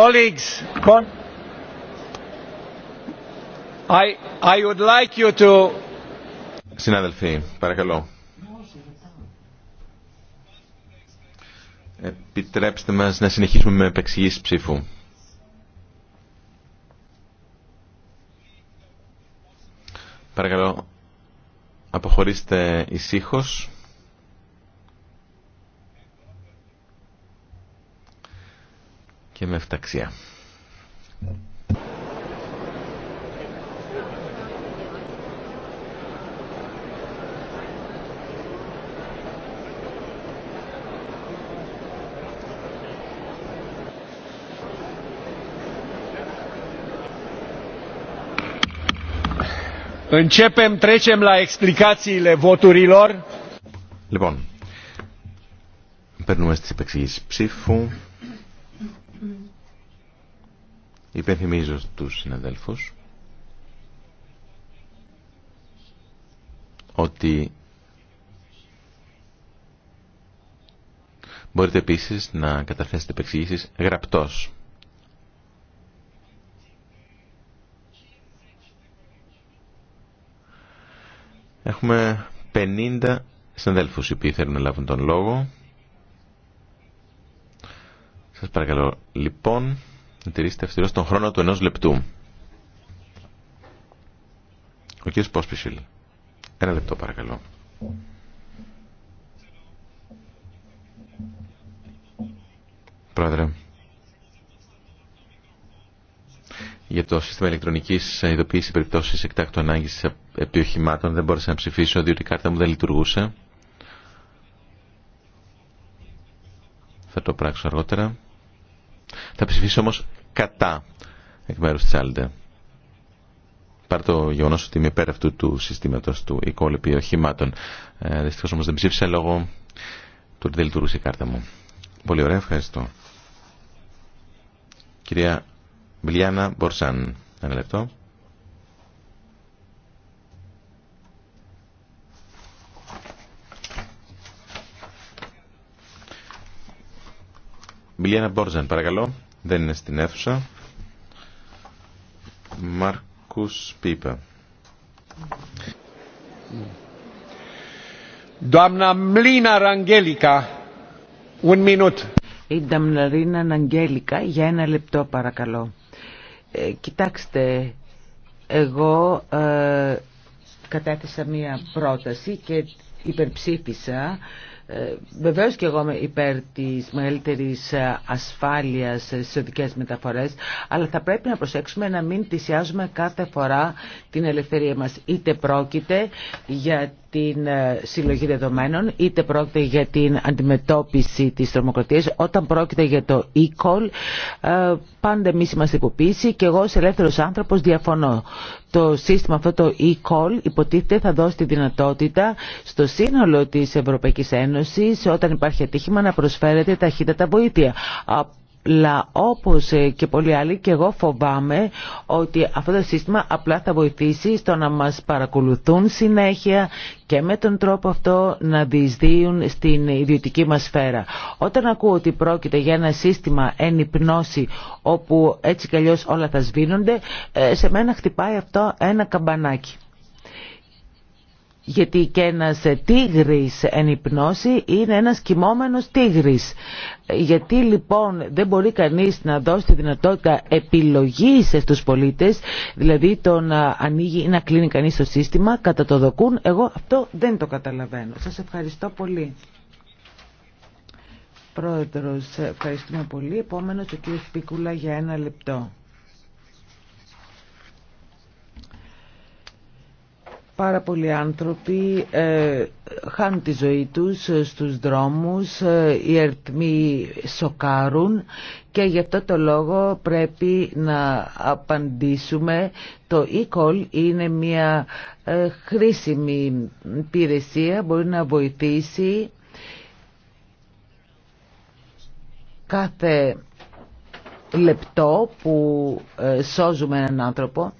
Colleagues, con I, I would like you to... Συνάδελφοι, παρακαλώ. Επιτρέψτε μας να συνεχίσουμε με επεξηγήσεις ψήφου. Παρακαλώ, αποχωρήστε ησύχως. και με φταξιά. Începem, trecem la explicațiile Λοιπόν, περνούμε στις επεξηγήσεις ψήφου. Υπενθυμίζω στους συναδέλφους ότι μπορείτε επίσης να καταθέσετε επεξηγήσεις γραπτός. Έχουμε 50 συναδέλφους οι οποίοι θέλουν να λάβουν τον λόγο. Σας παρακαλώ λοιπόν να τηρήσετε αυστηρό τον χρόνο του ενός λεπτού. Ο κ. Πόσπισιλ. Ένα λεπτό παρακαλώ. Πρόεδρε, για το σύστημα ηλεκτρονικής ειδοποίησης περιπτώσει εκτάκτου ανάγκης επιοχημάτων δεν μπόρεσα να ψηφίσω διότι η κάρτα μου δεν λειτουργούσε. Θα το πράξω αργότερα. Θα ψηφίσω όμως κατά εκ μέρους της Άλντε. Παρά το γεγονό ότι είμαι υπέρ αυτού του συστήματο του οικόλυπη οχημάτων. Ε, δυστυχώς δεν ψήφισα λόγω του ότι δεν λειτουργούσε η κάρτα μου. Πολύ ωραία, ευχαριστώ. Κυρία Μπιλιάνα Μπορσάν, ένα λεπτό. Μιλιάνα Μπόρζαν, παρακαλώ. Δεν είναι στην αίθουσα. Μάρκους Πίπα. Δόμνα Μλίνα Ραγγέλικα. Η Νταμναρίνα Αναγγέλικα, για ένα λεπτό παρακαλώ. Ε, κοιτάξτε, εγώ ε, μία πρόταση και υπερψήφισα ε, βεβαίως και εγώ είμαι υπέρ της μεγαλύτερης ε, ασφάλειας στις οδικές μεταφορές, αλλά θα πρέπει να προσέξουμε να μην θυσιάζουμε κάθε φορά την ελευθερία μας. Είτε πρόκειται για την ε, συλλογή δεδομένων, είτε πρόκειται για την αντιμετώπιση της τρομοκρατίας, όταν πρόκειται για το e-call, πάντα εμείς είμαστε υποποίηση και εγώ ως ελεύθερος άνθρωπος διαφωνώ το σύστημα αυτό το e-call υποτίθεται θα δώσει τη δυνατότητα στο σύνολο της Ευρωπαϊκής Ένωσης όταν υπάρχει ατύχημα να προσφέρεται ταχύτατα βοήθεια αλλά όπως ε, και πολλοί άλλοι και εγώ φοβάμαι ότι αυτό το σύστημα απλά θα βοηθήσει στο να μας παρακολουθούν συνέχεια και με τον τρόπο αυτό να διεισδύουν στην ιδιωτική μας σφαίρα. Όταν ακούω ότι πρόκειται για ένα σύστημα ενυπνώση όπου έτσι κι αλλιώς όλα θα σβήνονται, ε, σε μένα χτυπάει αυτό ένα καμπανάκι γιατί και ένας ε, τίγρης εν υπνώση είναι ένας κοιμόμενος τίγρης. Γιατί λοιπόν δεν μπορεί κανείς να δώσει τη δυνατότητα επιλογής στους πολίτες, δηλαδή το να ανοίγει ή να κλείνει κανείς το σύστημα, κατά το δοκούν, εγώ αυτό δεν το καταλαβαίνω. Σας ευχαριστώ πολύ. Πρόεδρος, ευχαριστούμε πολύ. Επόμενος ο κύριος Πίκουλα για ένα λεπτό. Πάρα πολλοί άνθρωποι ε, χάνουν τη ζωή τους ε, στους δρόμους, ε, οι αριθμοί σοκάρουν και γι' αυτό το λόγο πρέπει να απαντήσουμε. Το e-call είναι μια χρήσιμη υπηρεσία, μπορεί να βοηθήσει κάθε λεπτό που σώζουμε έναν άνθρωπο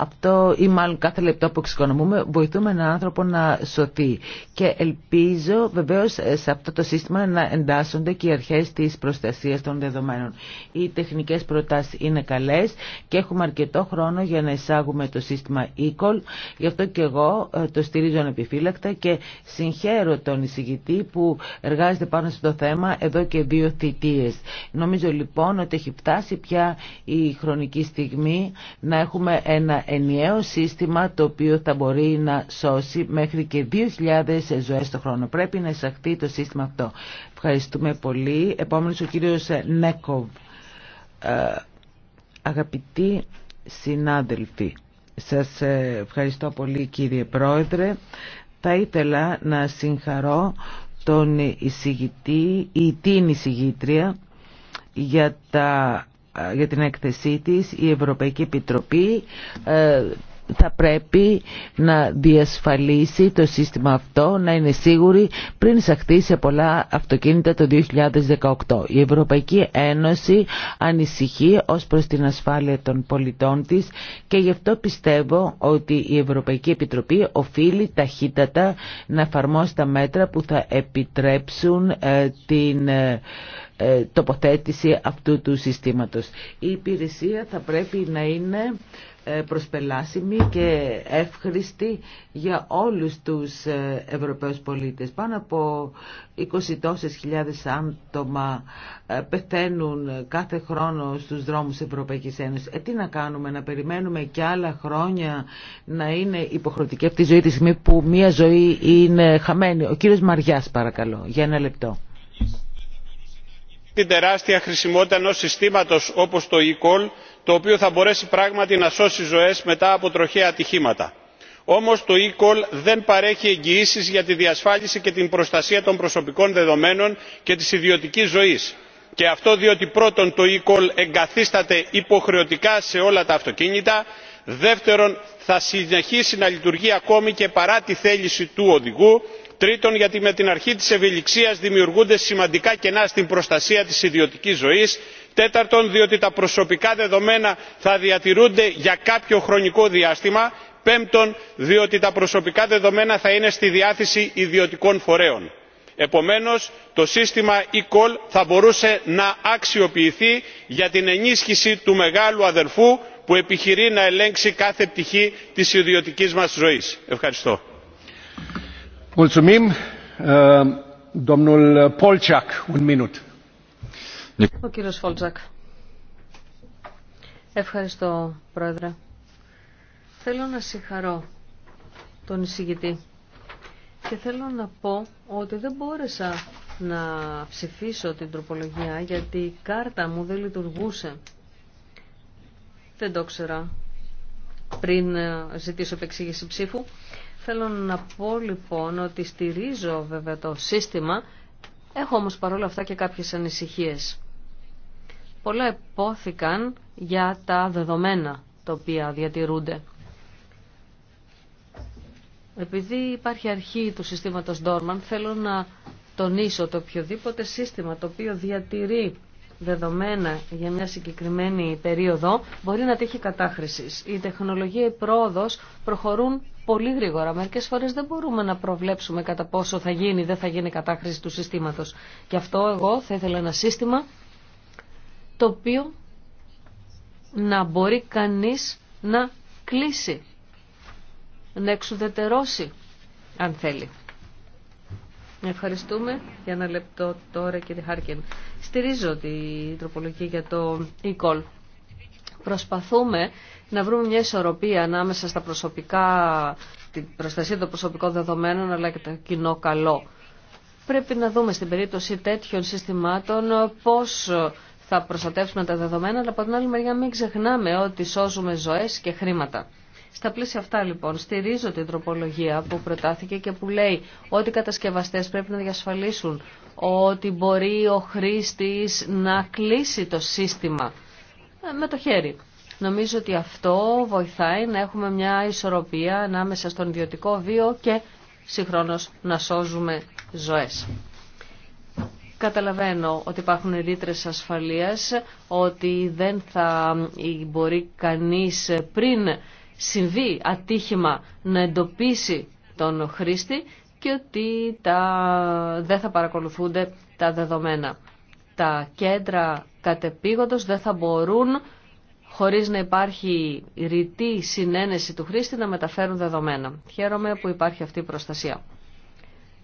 αυτό ή μάλλον κάθε λεπτό που εξοικονομούμε βοηθούμε έναν άνθρωπο να σωθεί. Και ελπίζω βεβαίως σε αυτό το σύστημα να εντάσσονται και οι αρχές της προστασίας των δεδομένων. Οι τεχνικές προτάσεις είναι καλές και έχουμε αρκετό χρόνο για να εισάγουμε το σύστημα Γι' αυτό και εγώ ε, το στηρίζω ανεπιφύλακτα και συγχαίρω τον εισηγητή που εργάζεται πάνω στο θέμα εδώ και δύο θητείες. Νομίζω λοιπόν ότι έχει φτάσει πια η χρονική στιγμή να έχουμε ένα ενιαίο σύστημα το οποίο θα μπορεί να σώσει μέχρι και 2.000 ζωές το χρόνο. Πρέπει να εισαχθεί το σύστημα αυτό. Ευχαριστούμε πολύ. Επόμενος ο κύριος Νέκοβ. Ε, αγαπητοί συνάδελφοι, σας ε, ευχαριστώ πολύ κύριε Πρόεδρε. Θα ήθελα να συγχαρώ τον εισηγητή ή την εισηγήτρια για τα ε, για την έκθεσή της η Ευρωπαϊκή Επιτροπή ε, θα πρέπει να διασφαλίσει το σύστημα αυτό, να είναι σίγουρη πριν εισαχθεί σε πολλά αυτοκίνητα το 2018. Η Ευρωπαϊκή Ένωση ανησυχεί ως προς την ασφάλεια των πολιτών της και γι' αυτό πιστεύω ότι η Ευρωπαϊκή Επιτροπή οφείλει ταχύτατα να εφαρμόσει τα μέτρα που θα επιτρέψουν ε, την ε, τοποθέτηση αυτού του συστήματος. Η υπηρεσία θα πρέπει να είναι ε, προσπελάσιμη και εύχριστη για όλους τους ε, Ευρωπαίους πολίτες. Πάνω από 20 τόσες χιλιάδες άτομα πεθαίνουν κάθε χρόνο στους δρόμους Ευρωπαϊκής Ένωσης. Ε, τι να κάνουμε, να περιμένουμε και άλλα χρόνια να είναι υποχρεωτική αυτή η ζωή τη στιγμή που μια ζωή είναι χαμένη. Ο κύριος Μαριάς παρακαλώ, για ένα λεπτό την τεράστια χρησιμότητα ενός συστήματος όπως το ecall το οποίο θα μπορέσει πράγματι να σώσει ζωές μετά από τροχαία ατυχήματα. όμως το ecall δεν παρέχει εγγυήσεις για τη διασφάλιση και την προστασία των προσωπικών δεδομένων και της ιδιωτικής ζωής και αυτό διότι πρώτον το ecall εγκαθίσταται υποχρεωτικά σε όλα τα αυτοκίνητα δεύτερον θα συνεχίσει να λειτουργεί ακόμη και παρά τη θέληση του οδηγού τρίτον γιατί με την αρχή της ευελιξίας δημιουργούνται σημαντικά κενά στην προστασία της ιδιωτικής ζωής τέταρτον διότι τα προσωπικά δεδομένα θα διατηρούνται για κάποιο χρονικό διάστημα πέμπτον διότι τα προσωπικά δεδομένα θα είναι στη διάθεση ιδιωτικών φορέων. επομένως το σύστημα ecall θα μπορούσε να αξιοποιηθεί για την ενίσχυση του μεγάλου αδερφού που επιχειρεί να ελέγξει κάθε πτυχή της ιδιωτικής μας ζωής. ευχαριστώ. Ευχαριστώ, Πρόεδρε. Uh, θέλω να συγχαρώ τον εισηγητή και θέλω να πω ότι δεν μπόρεσα να ψηφίσω την τροπολογία γιατί η κάρτα μου δεν λειτουργούσε. Δεν το ξέρα πριν ε, ζητήσω επεξήγηση ψήφου. Θέλω να πω λοιπόν ότι στηρίζω βέβαια το σύστημα, έχω όμως παρόλα αυτά και κάποιες ανησυχίες. Πολλά επόθηκαν για τα δεδομένα τα οποία διατηρούνται. Επειδή υπάρχει αρχή του συστήματος Dorman, θέλω να τονίσω το οποιοδήποτε σύστημα το οποίο διατηρεί δεδομένα για μια συγκεκριμένη περίοδο μπορεί να τύχει κατάχρησης. Η τεχνολογία, πρόοδος προχωρούν πολύ γρήγορα. Μερικές φορέ δεν μπορούμε να προβλέψουμε κατά πόσο θα γίνει ή δεν θα γίνει κατάχρηση του συστήματος. Γι' αυτό εγώ θα ήθελα ένα σύστημα το οποίο να μπορεί κανείς να κλείσει, να εξουδετερώσει αν θέλει. Ευχαριστούμε για ένα λεπτό τώρα κύριε Χάρκεν. Στηρίζω την τροπολογική για το e-call. Προσπαθούμε να βρούμε μια ισορροπία ανάμεσα στα προσωπικά, την προστασία των προσωπικών δεδομένων αλλά και το κοινό καλό. Πρέπει να δούμε στην περίπτωση τέτοιων συστημάτων πώς θα προστατεύσουμε τα δεδομένα, αλλά από την άλλη μεριά μην ξεχνάμε ότι σώζουμε ζωές και χρήματα. Στα πλαίσια αυτά λοιπόν στηρίζω την τροπολογία που προτάθηκε και που λέει ότι οι κατασκευαστές πρέπει να διασφαλίσουν ότι μπορεί ο χρήστης να κλείσει το σύστημα με το χέρι. Νομίζω ότι αυτό βοηθάει να έχουμε μια ισορροπία ανάμεσα στον ιδιωτικό βίο και συγχρόνως να σώζουμε ζωές. Καταλαβαίνω ότι υπάρχουν ρήτρες ασφαλείας, ότι δεν θα μπορεί κανείς πριν συμβεί ατύχημα να εντοπίσει τον χρήστη και ότι τα, δεν θα παρακολουθούνται τα δεδομένα. Τα κέντρα κατεπήγοντος δεν θα μπορούν χωρίς να υπάρχει ρητή συνένεση του χρήστη να μεταφέρουν δεδομένα. Χαίρομαι που υπάρχει αυτή η προστασία.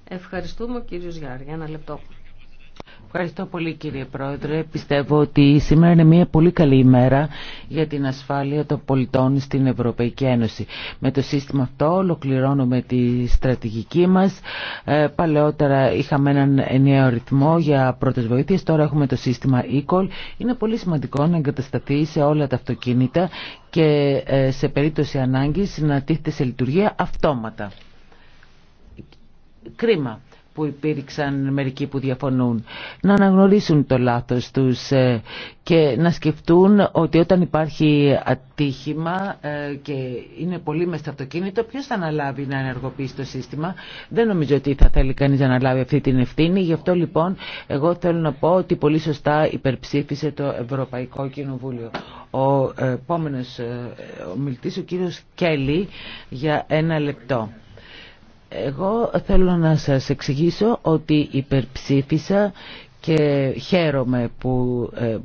Ευχαριστούμε κύριο Γιάρ. Για ένα λεπτό. Ευχαριστώ πολύ κύριε Πρόεδρε. Πιστεύω ότι σήμερα είναι μια πολύ καλή ημέρα για την ασφάλεια των πολιτών στην Ευρωπαϊκή Ένωση. Με το σύστημα αυτό ολοκληρώνουμε τη στρατηγική μας. Ε, παλαιότερα είχαμε έναν ενιαίο ρυθμό για πρώτες βοήθειες. Τώρα έχουμε το σύστημα Είναι πολύ σημαντικό να εγκατασταθεί σε όλα τα αυτοκίνητα και ε, σε περίπτωση ανάγκης να τίθεται σε λειτουργία αυτόματα. Κρίμα που υπήρξαν μερικοί που διαφωνούν. Να αναγνωρίσουν το λάθος τους ε, και να σκεφτούν ότι όταν υπάρχει ατύχημα ε, και είναι πολύ μες στο αυτοκίνητο, ποιο θα αναλάβει να ενεργοποιήσει το σύστημα. Δεν νομίζω ότι θα θέλει κανείς να αναλάβει αυτή την ευθύνη. Γι' αυτό λοιπόν εγώ θέλω να πω ότι πολύ σωστά υπερψήφισε το Ευρωπαϊκό Κοινοβούλιο. Ο ε, επόμενο ομιλητή, ο κύριο Κέλλη, για ένα λεπτό. Εγώ θέλω να σας εξηγήσω ότι υπερψήφισα και χαίρομαι που ε,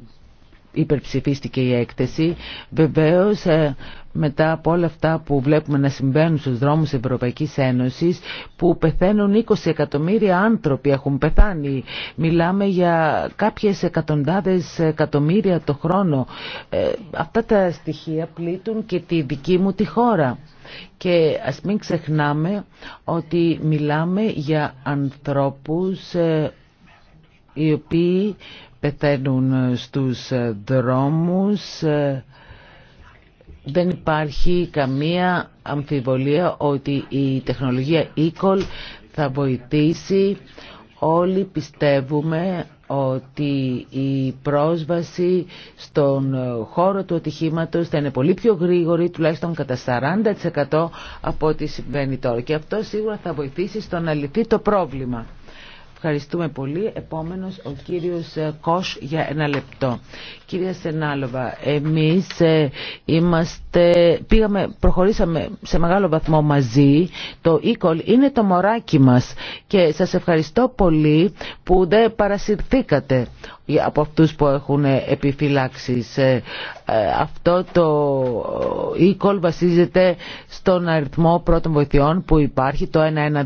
υπερψηφίστηκε η έκθεση. Βεβαίως ε, μετά από όλα αυτά που βλέπουμε να συμβαίνουν στους δρόμους Ευρωπαϊκής Ένωσης που πεθαίνουν 20 εκατομμύρια άνθρωποι έχουν πεθάνει μιλάμε για κάποιες εκατοντάδες εκατομμύρια το χρόνο ε, αυτά τα στοιχεία πλήττουν και τη δική μου τη χώρα και ας μην ξεχνάμε ότι μιλάμε για ανθρώπους ε, οι οποίοι πεθαίνουν στους δρόμους, ε, δεν υπάρχει καμία αμφιβολία ότι η τεχνολογία e θα βοηθήσει. Όλοι πιστεύουμε ότι η πρόσβαση στον ε, χώρο του ατυχήματος θα είναι πολύ πιο γρήγορη, τουλάχιστον κατά 40% από ό,τι συμβαίνει τώρα. Και αυτό σίγουρα θα βοηθήσει στο να λυθεί το πρόβλημα. Ευχαριστούμε πολύ. Επόμενος ο κύριος ε, Κόσ για ένα λεπτό. Κυρία Σενάλοβα, εμείς ε, είμαστε, πήγαμε, προχωρήσαμε σε μεγάλο βαθμό μαζί. Το e είναι το μωράκι μας και σας ευχαριστώ πολύ που δεν παρασυρθήκατε από αυτούς που έχουν ε, επιφυλάξει. Αυτό το e βασίζεται στον αριθμό πρώτων βοηθειών που υπάρχει, το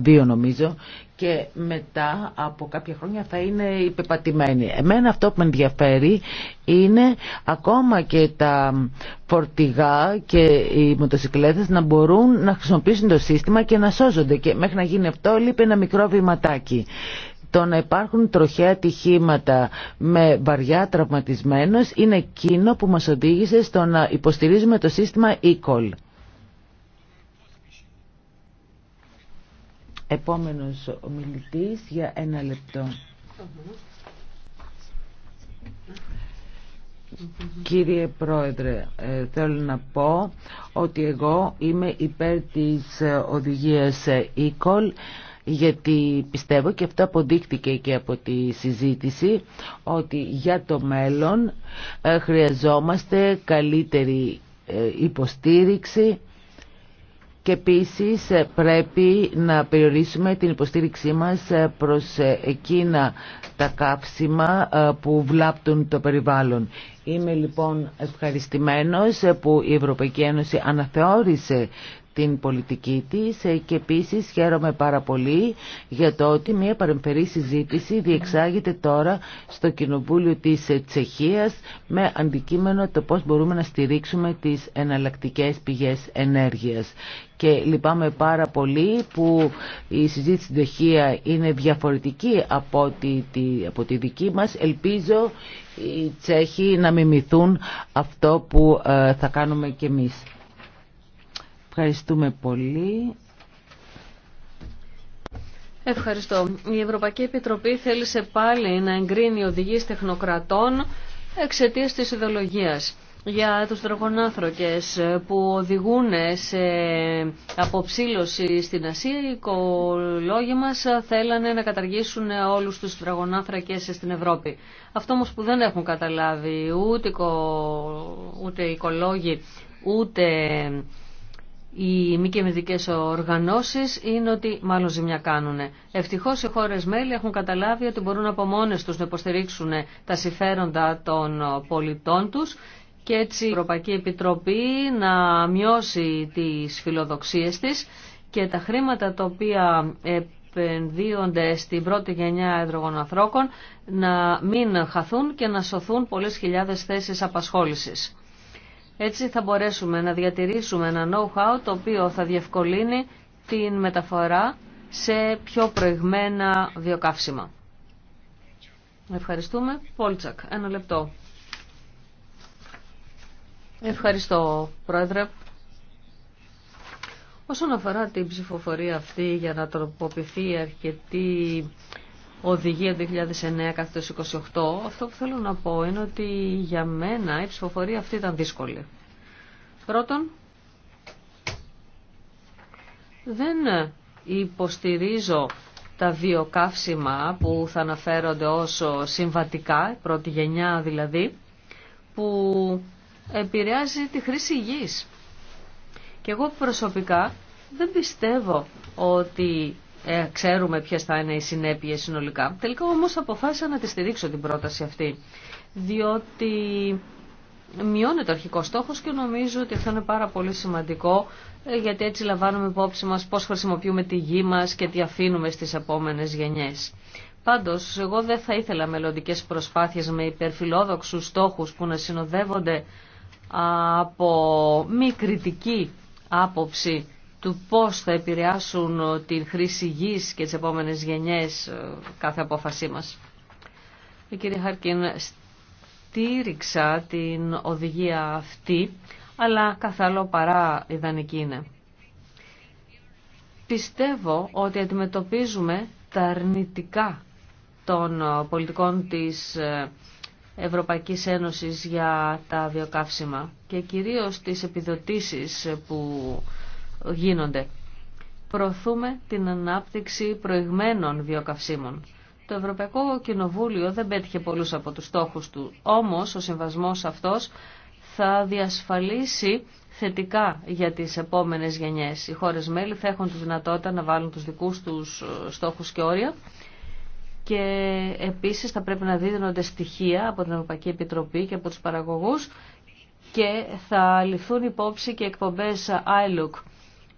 112 νομίζω και μετά από κάποια χρόνια θα είναι υπεπατημένοι. Εμένα αυτό που με ενδιαφέρει είναι ακόμα και τα φορτηγά και οι μοτοσυκλέτες να μπορούν να χρησιμοποιήσουν το σύστημα και να σώζονται και μέχρι να γίνει αυτό λείπει ένα μικρό βηματάκι το να υπάρχουν τροχαία ατυχήματα με βαριά τραυματισμένος είναι εκείνο που μας οδήγησε στο να υποστηρίζουμε το σύστημα e-call. Επόμενος ομιλητής για ένα λεπτό. Κύριε Πρόεδρε, ε, θέλω να πω ότι εγώ είμαι υπέρ της ε, οδηγίας ε, ECOL γιατί πιστεύω και αυτό αποδείχτηκε και από τη συζήτηση ότι για το μέλλον χρειαζόμαστε καλύτερη υποστήριξη και επίσης ε, πρέπει να περιορίσουμε την υποστήριξή μας ε, προς ε, εκείνα τα καύσιμα που βλάπτουν το περιβάλλον. Είμαι λοιπόν ευχαριστημένος που η Ευρωπαϊκή Ένωση αναθεώρησε την πολιτική της ε, και επίσης χαίρομαι πάρα πολύ για το ότι μια παρεμφερή συζήτηση διεξάγεται τώρα στο Κοινοβούλιο της ε, Τσεχίας με αντικείμενο το πώς μπορούμε να στηρίξουμε τις εναλλακτικές πηγές ενέργειας. Και λυπάμαι πάρα πολύ που η συζήτηση στην Τσεχία είναι διαφορετική από τη, δική μας. Ελπίζω οι Τσέχοι να μιμηθούν αυτό που ε, θα κάνουμε κι εμείς. Ευχαριστούμε πολύ. Ευχαριστώ. Η Ευρωπαϊκή Επιτροπή θέλησε πάλι να εγκρίνει οδηγίε τεχνοκρατών εξαιτία τη ιδεολογία για τους τραγονάνθρωκες που οδηγούν σε αποψήλωση στην Ασία. Οι οικολόγοι μας θέλανε να καταργήσουν όλους τους τραγονάνθρακες στην Ευρώπη. Αυτό όμως που δεν έχουν καταλάβει ούτε, ούτε οι οικολόγοι ούτε οι μη κεμιδικέ οργανώσεις είναι ότι μάλλον ζημιά κάνουν. Ευτυχώς οι χώρε μέλη έχουν καταλάβει ότι μπορούν από μόνε του να υποστηρίξουν τα συμφέροντα των πολιτών τους και έτσι η Ευρωπαϊκή Επιτροπή να μειώσει τις φιλοδοξίες της και τα χρήματα τα οποία επενδύονται στην πρώτη γενιά ανθρώπων να μην χαθούν και να σωθούν πολλές χιλιάδες θέσεις απασχόλησης. Έτσι θα μπορέσουμε να διατηρήσουμε ένα know-how το οποίο θα διευκολύνει την μεταφορά σε πιο προηγμένα βιοκαύσιμα. Ευχαριστούμε. Πόλτσακ, ένα λεπτό. Ευχαριστώ, Πρόεδρε. Όσον αφορά την ψηφοφορία αυτή για να τροποποιηθεί αρκετή Οδηγία 2009 28. Αυτό που θέλω να πω είναι ότι για μένα η ψηφοφορία αυτή ήταν δύσκολη. Πρώτον, δεν υποστηρίζω τα δύο βιοκαύσιμα που θα αναφέρονται ως συμβατικά, πρώτη γενιά δηλαδή, που επηρεάζει τη χρήση γης. Και εγώ προσωπικά δεν πιστεύω ότι ε, ξέρουμε ποιε θα είναι οι συνέπειε συνολικά. Τελικά όμω αποφάσισα να τη στηρίξω την πρόταση αυτή. Διότι μειώνεται ο αρχικό στόχο και νομίζω ότι αυτό είναι πάρα πολύ σημαντικό ε, γιατί έτσι λαμβάνουμε υπόψη μα πώ χρησιμοποιούμε τη γη μα και τι αφήνουμε στι επόμενε γενιέ. Πάντω, εγώ δεν θα ήθελα μελλοντικέ προσπάθειε με υπερφιλόδοξου στόχου που να συνοδεύονται από μη κριτική άποψη του πώς θα επηρεάσουν ε, την χρήση γης και τις επόμενες γενιές ε, κάθε απόφασή μας. Η ε, κυρία Χαρκίν στήριξα την οδηγία αυτή, αλλά καθαλό παρά ιδανική είναι. Πιστεύω ότι αντιμετωπίζουμε τα αρνητικά των πολιτικών της Ευρωπαϊκής Ένωσης για τα βιοκαύσιμα και κυρίως τις επιδοτήσεις που γίνονται. Προωθούμε την ανάπτυξη προηγμένων βιοκαυσίμων. Το Ευρωπαϊκό Κοινοβούλιο δεν πέτυχε πολλούς από τους στόχους του, όμως ο συμβασμός αυτός θα διασφαλίσει θετικά για τις επόμενες γενιές. Οι χώρες μέλη θα έχουν τη δυνατότητα να βάλουν τους δικούς τους ε, στόχους και όρια και επίσης θα πρέπει να δίδονται στοιχεία από την Ευρωπαϊκή Επιτροπή και από τους παραγωγούς και θα ληφθούν υπόψη και εκπομπές ILUC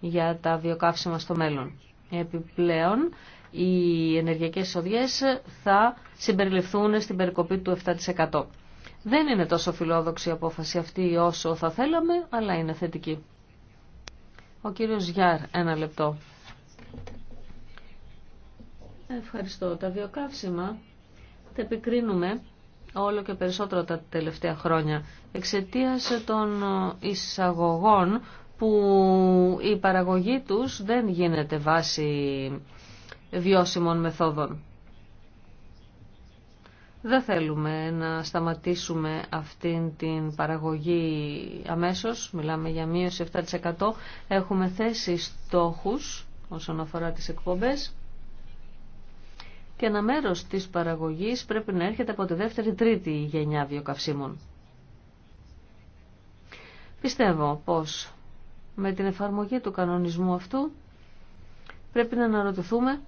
για τα βιοκαύσιμα στο μέλλον. Επιπλέον, οι ενεργειακές εισοδιές θα συμπεριληφθούν στην περικοπή του 7%. Δεν είναι τόσο φιλόδοξη η απόφαση αυτή όσο θα θέλαμε, αλλά είναι θετική. Ο κύριος Γιάρ, ένα λεπτό. Ευχαριστώ. Τα βιοκαύσιμα τα επικρίνουμε όλο και περισσότερο τα τελευταία χρόνια εξαιτίας των εισαγωγών που η παραγωγή τους δεν γίνεται βάση βιώσιμων μεθόδων. Δεν θέλουμε να σταματήσουμε αυτήν την παραγωγή αμέσως, μιλάμε για μείωση 7%. Έχουμε θέσει στόχους όσον αφορά τις εκπομπές και ένα μέρος της παραγωγής πρέπει να έρχεται από τη δεύτερη-τρίτη γενιά βιοκαυσίμων. Πιστεύω πως με την εφαρμογή του κανονισμού αυτού πρέπει να αναρωτηθούμε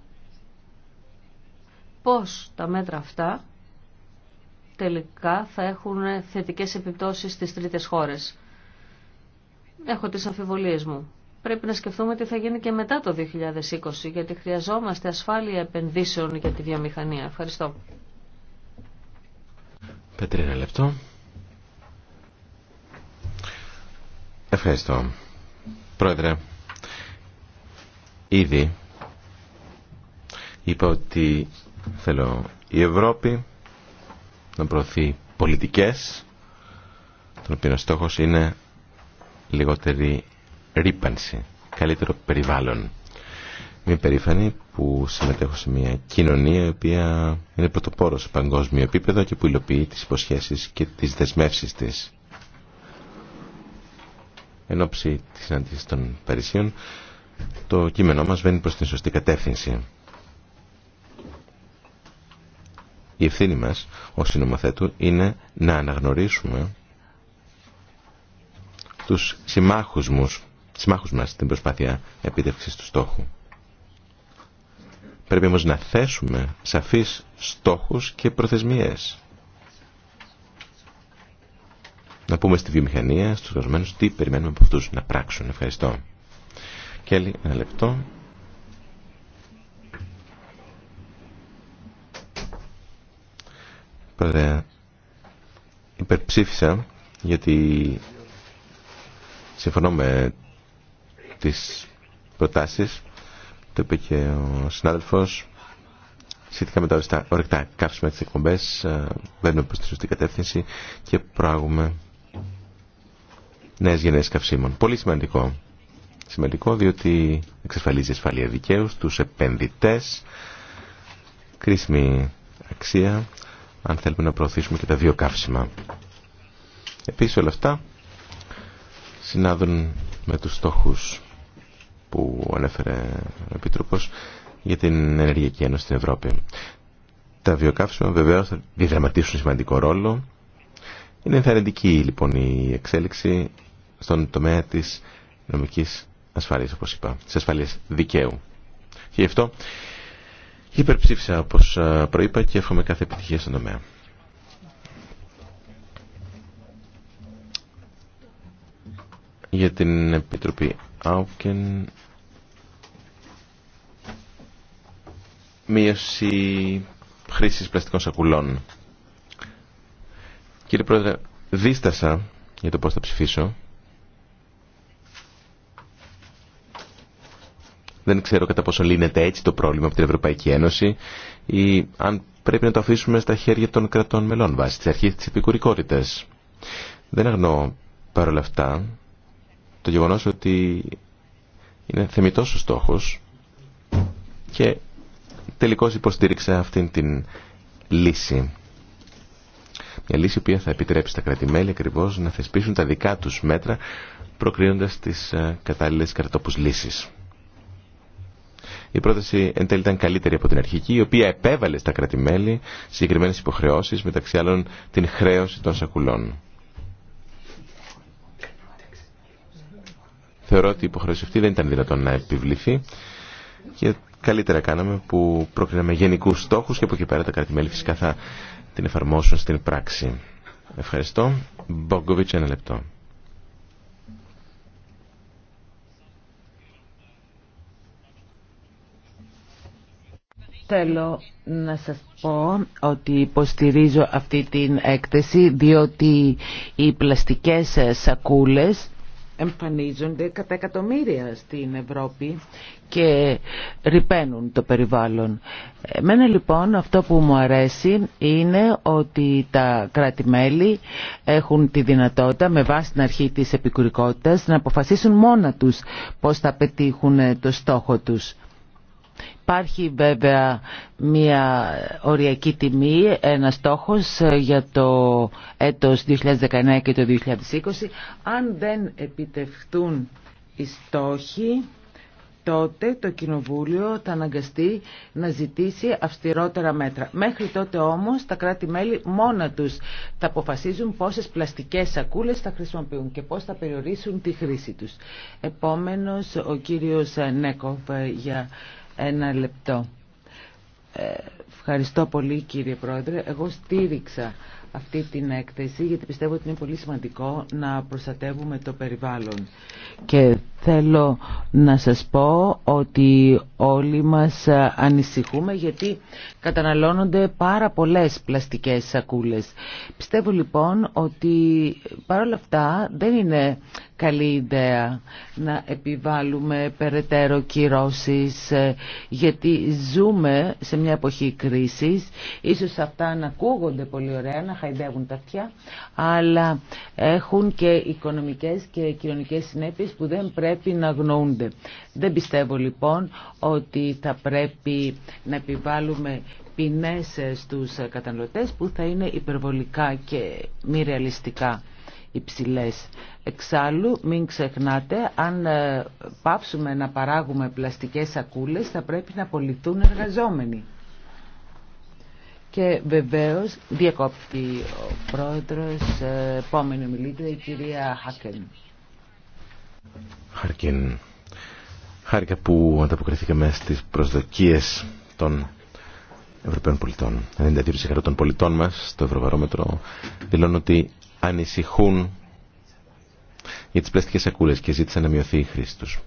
πώς τα μέτρα αυτά τελικά θα έχουν θετικές επιπτώσεις στις τρίτες χώρες. Έχω τις αμφιβολίες μου. Πρέπει να σκεφτούμε τι θα γίνει και μετά το 2020, γιατί χρειαζόμαστε ασφάλεια επενδύσεων για τη βιομηχανία. Ευχαριστώ. Πέτρι, λεπτό. Ευχαριστώ. Πρόεδρε, ήδη είπα ότι θέλω η Ευρώπη να προωθεί πολιτικές τον οποίο στόχος είναι λιγότερη ρήπανση, καλύτερο περιβάλλον. Είμαι περήφανη που συμμετέχω σε μια κοινωνία η οποία είναι πρωτοπόρος σε παγκόσμιο επίπεδο και που υλοποιεί τις υποσχέσεις και τις δεσμεύσεις της εν ώψη της συνάντησης των Παρισίων το κείμενό μας βαίνει προς την σωστή κατεύθυνση. Η ευθύνη μας ως συνομοθέτου είναι να αναγνωρίσουμε τους συμμάχους, μας, συμμάχους μας στην προσπάθεια επίτευξης του στόχου. Πρέπει όμως να θέσουμε σαφείς στόχους και προθεσμίες να πούμε στη βιομηχανία, στους εργαζομένους, τι περιμένουμε από αυτούς να πράξουν. Ευχαριστώ. Κέλλη, ένα λεπτό. Πρόεδρε, υπερψήφισα γιατί συμφωνώ με τις προτάσεις το είπε και ο συνάδελφος σχετικά με τα ορεικτά. κάψουμε τις εκπομπές μπαίνουμε ε, προς τη σωστή κατεύθυνση και προάγουμε νέε γενναίε καυσίμων. Πολύ σημαντικό. Σημαντικό διότι εξασφαλίζει ασφαλεία δικαίου του επενδυτέ, Κρίσιμη αξία αν θέλουμε να προωθήσουμε και τα δύο καύσιμα. όλα αυτά συνάδουν με του στόχους που ανέφερε ο Επίτροπος για την Ενεργειακή Ένωση στην Ευρώπη. Τα βιοκαύσιμα βεβαίως θα διδραματίσουν σημαντικό ρόλο. Είναι ενθαρρυντική λοιπόν η εξέλιξη στον τομέα της νομικής ασφάλειας, όπως είπα, της ασφάλειας δικαίου. Και γι' αυτό υπερψήφισα, όπως ε, προείπα, και εύχομαι κάθε επιτυχία στον τομέα. Για την Επιτροπή Άουκεν, μείωση χρήσης πλαστικών σακουλών. Κύριε Πρόεδρε, δίστασα για το πώς θα ψηφίσω. Δεν ξέρω κατά πόσο λύνεται έτσι το πρόβλημα από την Ευρωπαϊκή Ένωση ή αν πρέπει να το αφήσουμε στα χέρια των κρατών μελών βάσει της αρχής τη επικουρικότητα. Δεν αγνώ παρόλα αυτά το γεγονός ότι είναι θεμητό ο στόχος και τελικώ υποστήριξα αυτήν την λύση. Μια λύση που θα επιτρέψει τα κρατημέλη ακριβώ να θεσπίσουν τα δικά του μέτρα προκρίνοντας τις ε, κατάλληλες κρατόπους λύσεις. Η πρόταση εν τέλει ήταν καλύτερη από την αρχική, η οποία επέβαλε στα κρατημέλη συγκεκριμένε υποχρεώσει, μεταξύ άλλων την χρέωση των σακουλών. Θεωρώ ότι η υποχρέωση αυτή δεν ήταν δυνατόν να επιβληθεί και καλύτερα κάναμε που πρόκριναμε γενικού στόχου και από εκεί πέρα τα κρατημέλη φυσικά θα την εφαρμόσουν στην πράξη. Ευχαριστώ. Μπογκοβίτσα, ένα λεπτό. Θέλω να σας πω ότι υποστηρίζω αυτή την έκθεση διότι οι πλαστικές σακούλες εμφανίζονται κατά εκατομμύρια στην Ευρώπη και ρηπαίνουν το περιβάλλον. Εμένα λοιπόν αυτό που μου αρέσει είναι ότι τα κράτη-μέλη έχουν τη δυνατότητα με βάση την αρχή της επικουρικότητας να αποφασίσουν μόνα τους πώς θα πετύχουν το στόχο τους. Υπάρχει βέβαια μια οριακή τιμή, ένα στόχος για το έτος 2019 και το 2020. Αν δεν επιτευχθούν οι στόχοι, τότε το Κοινοβούλιο θα αναγκαστεί να ζητήσει αυστηρότερα μέτρα. Μέχρι τότε όμως τα κράτη-μέλη μόνα τους θα αποφασίζουν πόσες πλαστικές σακούλες θα χρησιμοποιούν και πώς θα περιορίσουν τη χρήση τους. Επόμενος ο κύριος Νέκοβ για ένα λεπτό. Ε, ευχαριστώ πολύ κύριε Πρόεδρε. Εγώ στήριξα αυτή την έκθεση γιατί πιστεύω ότι είναι πολύ σημαντικό να προστατεύουμε το περιβάλλον. Και θέλω να σας πω ότι όλοι μας ανησυχούμε γιατί καταναλώνονται πάρα πολλές πλαστικές σακούλες. Πιστεύω λοιπόν ότι παρόλα αυτά δεν είναι καλή ιδέα να επιβάλλουμε περαιτέρω κυρώσεις ε, γιατί ζούμε σε μια εποχή κρίσης ίσως αυτά να ακούγονται πολύ ωραία να χαϊδεύουν τα αυτιά αλλά έχουν και οικονομικές και κοινωνικές συνέπειες που δεν πρέπει να γνωρούνται. Δεν πιστεύω λοιπόν ότι θα πρέπει να επιβάλλουμε ποινές ε, στους καταναλωτές που θα είναι υπερβολικά και μη ρεαλιστικά υψηλές. Εξάλλου, μην ξεχνάτε, αν ε, πάψουμε να παράγουμε πλαστικές σακούλες, θα πρέπει να απολυθούν εργαζόμενοι. Και βεβαίως, διακόπτει ο πρόεδρος, ε, επόμενη μιλήτρια, η κυρία Χάκεν. Χαρκίν, χάρηκα που ανταποκριθήκαμε στις προσδοκίες των Ευρωπαίων πολιτών. 92% των πολιτών μας στο Ευρωβαρόμετρο δηλώνουν ότι ανησυχούν για τις πλαστικές σακούλες και ζήτησαν να μειωθεί η χρήση τους.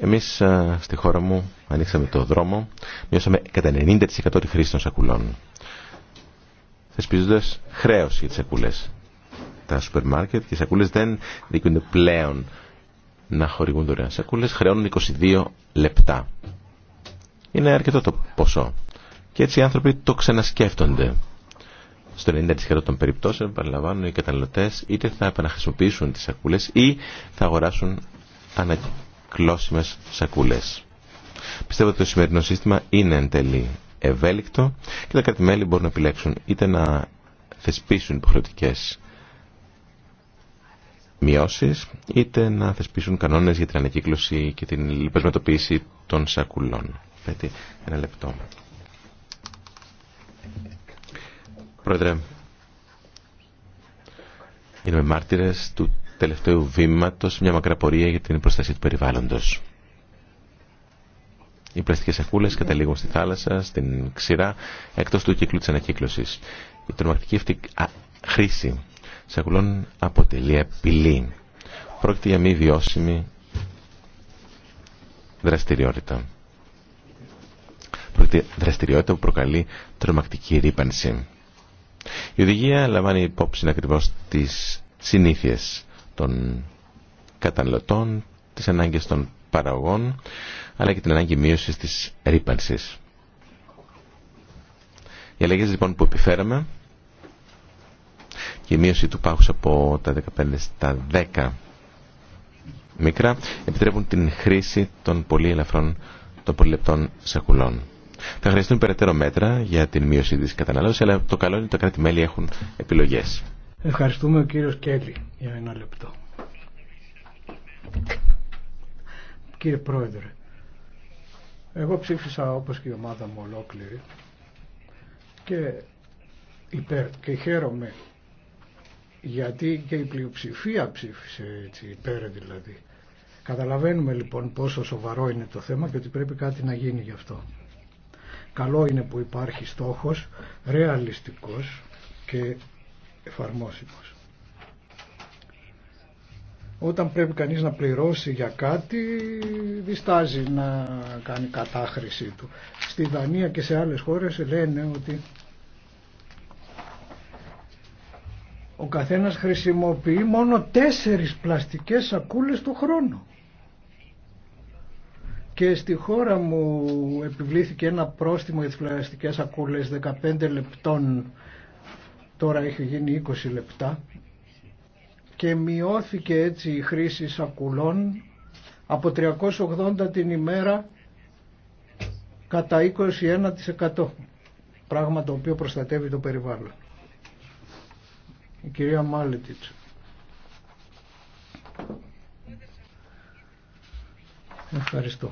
Εμείς στη χώρα μου ανοίξαμε το δρόμο, μειώσαμε κατά 90% τη χρήση των σακουλών. Θεσπίζοντας χρέωση για τις σακούλες. Τα σούπερ μάρκετ και οι σακούλες δεν δικούνται πλέον να χορηγούν δωρεάν. Σακούλες χρεώνουν 22 λεπτά. Είναι αρκετό το ποσό. Και έτσι οι άνθρωποι το ξανασκέφτονται στο 90% των περιπτώσεων παραλαμβάνουν οι καταναλωτέ είτε θα επαναχρησιμοποιήσουν τι σακούλε ή θα αγοράσουν ανακυκλώσιμε σακούλες. Πιστεύω ότι το σημερινό σύστημα είναι εν τέλει ευέλικτο και τα κρατημέλη μπορούν να επιλέξουν είτε να θεσπίσουν υποχρεωτικές μειώσει, είτε να θεσπίσουν κανόνε για την ανακύκλωση και την λιπασματοποίηση των σακουλών. Πέτει ένα λεπτό. Πρόεδρε, είμαι μάρτυρες του τελευταίου βήματος, μια μακρά πορεία για την προστασία του περιβάλλοντος. Οι πλαστικές σακούλες καταλήγουν στη θάλασσα, στην ξηρά, εκτός του κύκλου της ανακύκλωσης. Η τρομακτική αυτή χρήση σακουλών αποτελεί απειλή. Πρόκειται για μη βιώσιμη δραστηριότητα. Πρόκειται δραστηριότητα που προκαλεί τρομακτική ρήπανση. Η οδηγία λαμβάνει υπόψη ακριβώ τι συνήθειε των καταναλωτών, τι ανάγκε των παραγωγών, αλλά και την ανάγκη μείωση τη ρήπανση. Οι αλλαγέ λοιπόν που επιφέραμε και η μείωση του πάχους από τα 15 στα 10 μικρά επιτρέπουν την χρήση των πολύ ελαφρών των πολυλεπτών σακουλών. Θα χρειαστούν περαιτέρω μέτρα για την μείωση τη κατανάλωσης, αλλά το καλό είναι ότι τα κράτη-μέλη έχουν επιλογές. Ευχαριστούμε ο κύριο Κέλλη για ένα λεπτό. Κύριε Πρόεδρε, εγώ ψήφισα όπως και η ομάδα μου ολόκληρη και υπέρ και χαίρομαι γιατί και η πλειοψηφία ψήφισε έτσι υπέρ δηλαδή. Καταλαβαίνουμε λοιπόν πόσο σοβαρό είναι το θέμα και ότι πρέπει κάτι να γίνει γι' αυτό. Καλό είναι που υπάρχει στόχος ρεαλιστικός και εφαρμόσιμος. Όταν πρέπει κανείς να πληρώσει για κάτι, διστάζει να κάνει κατάχρηση του. Στη Δανία και σε άλλες χώρες λένε ότι ο καθένας χρησιμοποιεί μόνο τέσσερις πλαστικές σακούλες το χρόνο και στη χώρα μου επιβλήθηκε ένα πρόστιμο για τις πλαστικές σακούλες 15 λεπτών τώρα έχει γίνει 20 λεπτά και μειώθηκε έτσι η χρήση σακουλών από 380 την ημέρα κατά 21% πράγμα το οποίο προστατεύει το περιβάλλον. Η κυρία Μάλετιτς. Ευχαριστώ.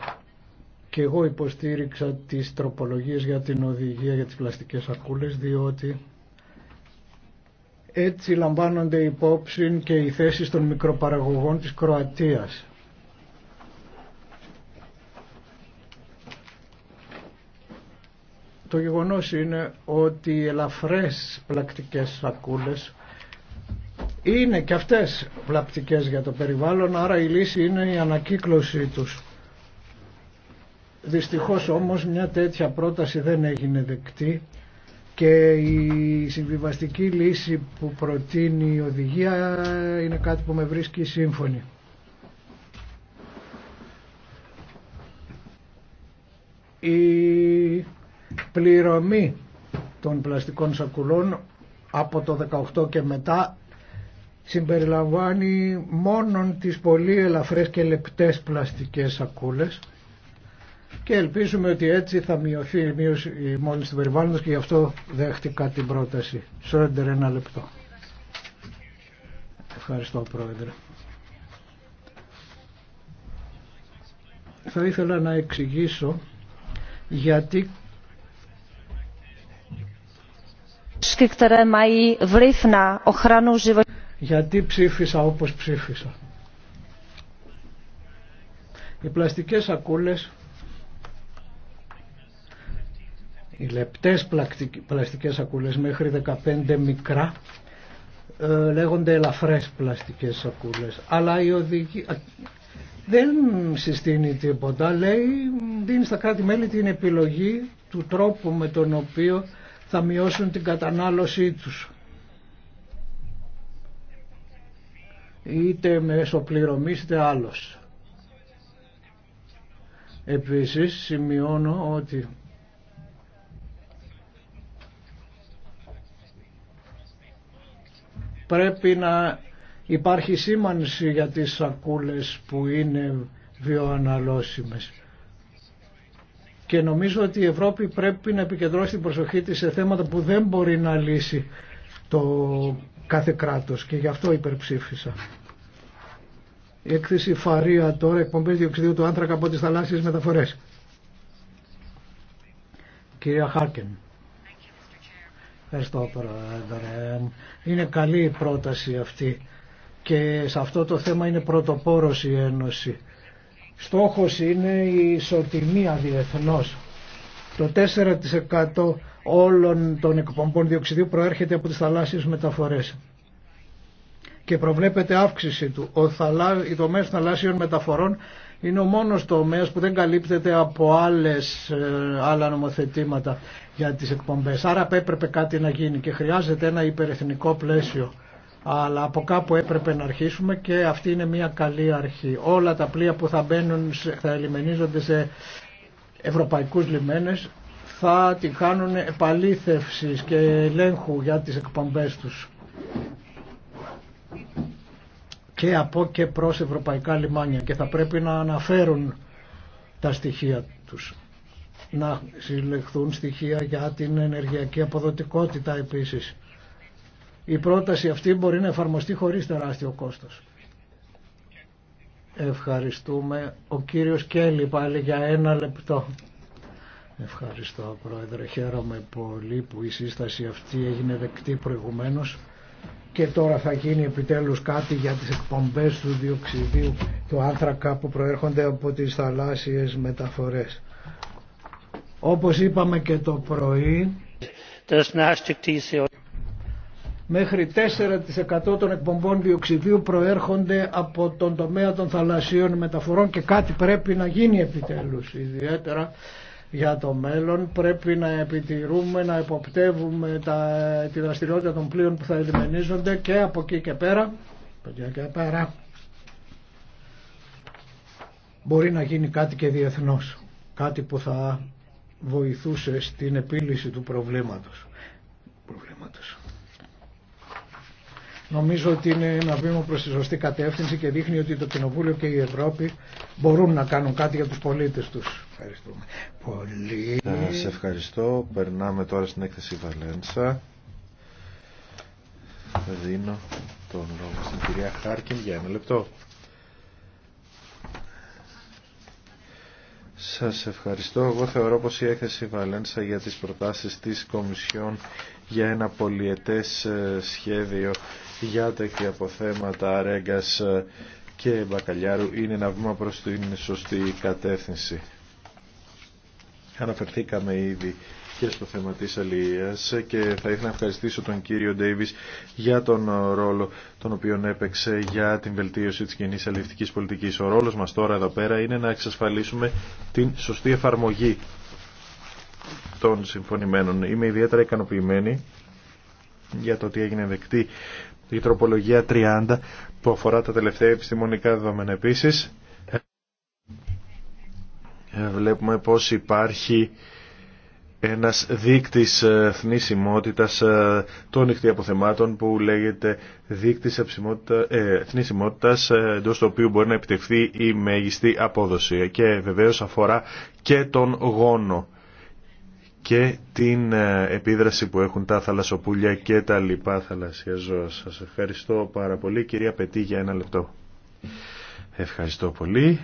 Και εγώ υποστήριξα τις τροπολογίες για την οδηγία για τις πλαστικές σακούλες διότι έτσι λαμβάνονται υπόψη και οι θέσει των μικροπαραγωγών της Κροατίας. Το γεγονός είναι ότι οι ελαφρές πλακτικές σακούλες είναι και αυτές βλαπτικές για το περιβάλλον, άρα η λύση είναι η ανακύκλωσή τους. Δυστυχώς όμως μια τέτοια πρόταση δεν έγινε δεκτή και η συμβιβαστική λύση που προτείνει η οδηγία είναι κάτι που με βρίσκει σύμφωνη. Η πληρωμή των πλαστικών σακουλών από το 18 και μετά συμπεριλαμβάνει μόνο τις πολύ ελαφρές και λεπτές πλαστικές σακούλες και ελπίζουμε ότι έτσι θα μειωθεί η μείωση η του περιβάλλοντος και γι' αυτό δέχτηκα την πρόταση. Σρόντερ ένα λεπτό. Ευχαριστώ Πρόεδρε. Θα ήθελα να εξηγήσω γιατί γιατί ψήφισα όπως ψήφισα. Οι πλαστικές σακούλες οι λεπτές πλαστικές σακούλες μέχρι 15 μικρά ε, λέγονται ελαφρές πλαστικές σακούλες αλλά η οδηγία δεν συστήνει τίποτα λέει δίνει στα κράτη-μέλη την επιλογή του τρόπου με τον οποίο θα μειώσουν την κατανάλωσή τους είτε με εσωπληρωμή είτε άλλος επίσης σημειώνω ότι πρέπει να υπάρχει σήμανση για τις σακούλες που είναι βιοαναλώσιμες. Και νομίζω ότι η Ευρώπη πρέπει να επικεντρώσει την προσοχή της σε θέματα που δεν μπορεί να λύσει το κάθε κράτος και γι' αυτό υπερψήφισα. Η έκθεση Φαρία τώρα, εκπομπές διοξιδίου του άνθρακα από τις θαλάσσιες μεταφορές. Κυρία Χάρκεν. Ευχαριστώ Πρόεδρε. Είναι καλή η πρόταση αυτή και σε αυτό το θέμα είναι πρωτοπόρος η Ένωση. Στόχος είναι η ισοτιμία διεθνώς. Το 4% όλων των εκπομπών διοξιδίου προέρχεται από τις θαλάσσιες μεταφορές και προβλέπεται αύξηση του. Ο Οι δομές θαλάσσιων μεταφορών είναι ο μόνος τομέας που δεν καλύπτεται από άλλες, ε, άλλα νομοθετήματα για τις εκπομπές. Άρα έπρεπε κάτι να γίνει και χρειάζεται ένα υπερεθνικό πλαίσιο. Αλλά από κάπου έπρεπε να αρχίσουμε και αυτή είναι μια καλή αρχή. Όλα τα πλοία που θα μπαίνουν, θα ελιμενίζονται σε ευρωπαϊκούς λιμένες θα την κάνουν επαλήθευση και ελέγχου για τις εκπομπές τους και από και προς ευρωπαϊκά λιμάνια και θα πρέπει να αναφέρουν τα στοιχεία τους. Να συλλεχθούν στοιχεία για την ενεργειακή αποδοτικότητα επίσης. Η πρόταση αυτή μπορεί να εφαρμοστεί χωρίς τεράστιο κόστος. Ευχαριστούμε. Ο κύριος Κέλλη πάλι για ένα λεπτό. Ευχαριστώ Πρόεδρε. Χαίρομαι πολύ που η σύσταση αυτή έγινε δεκτή προηγουμένως και τώρα θα γίνει επιτέλους κάτι για τις εκπομπές του διοξιδίου του άνθρακα που προέρχονται από τις θαλάσσιες μεταφορές. Όπως είπαμε και το πρωί, μέχρι 4% των εκπομπών διοξιδίου προέρχονται από τον τομέα των θαλασσίων μεταφορών και κάτι πρέπει να γίνει επιτέλους, ιδιαίτερα για το μέλλον. Πρέπει να επιτηρούμε, να εποπτεύουμε τα, τη δραστηριότητα των πλοίων που θα ελιμενίζονται και από εκεί και πέρα. Και πέρα μπορεί να γίνει κάτι και διεθνώς. Κάτι που θα βοηθούσε στην επίλυση του προβλήματος. προβλήματος. Νομίζω ότι είναι ένα βήμα προς τη σωστή κατεύθυνση και δείχνει ότι το Κοινοβούλιο και η Ευρώπη μπορούν να κάνουν κάτι για τους πολίτες τους. Ευχαριστούμε πολύ. ευχαριστώ. Περνάμε τώρα στην έκθεση Βαλένσα. Δίνω τον λόγο στην κυρία Χάρκιν για ένα λεπτό. Σας ευχαριστώ. Εγώ θεωρώ πως η έκθεση Βαλένσα για τις προτάσεις της Κομισιόν για ένα πολιετές ε, σχέδιο για τα αποθέματα Ρέγκας ε, και Μπακαλιάρου είναι ένα βήμα προς την σωστή κατεύθυνση. Αναφερθήκαμε ήδη και στο θέμα της αλληλείας και θα ήθελα να ευχαριστήσω τον κύριο Ντέιβις για τον ρόλο τον οποίο έπαιξε για την βελτίωση της κοινής αλληλευτικής πολιτικής. Ο ρόλος μας τώρα εδώ πέρα είναι να εξασφαλίσουμε την σωστή εφαρμογή των συμφωνημένων. Είμαι ιδιαίτερα ικανοποιημένη για το ότι έγινε δεκτή η τροπολογία 30 που αφορά τα τελευταία επιστημονικά δεδομένα επίσης. Ε, βλέπουμε πως υπάρχει ένας δείκτης ε, θνησιμότητας ε, των αποθεμάτων που λέγεται δείκτης θνησιμότητας εντό του οποίου μπορεί να επιτευχθεί η μέγιστη απόδοση και βεβαίως αφορά και τον γόνο και την επίδραση που έχουν τα θαλασσοπούλια και τα λοιπά θαλασσια ζώα. Σας ευχαριστώ πάρα πολύ κυρία Πετή για ένα λεπτό. Ευχαριστώ πολύ.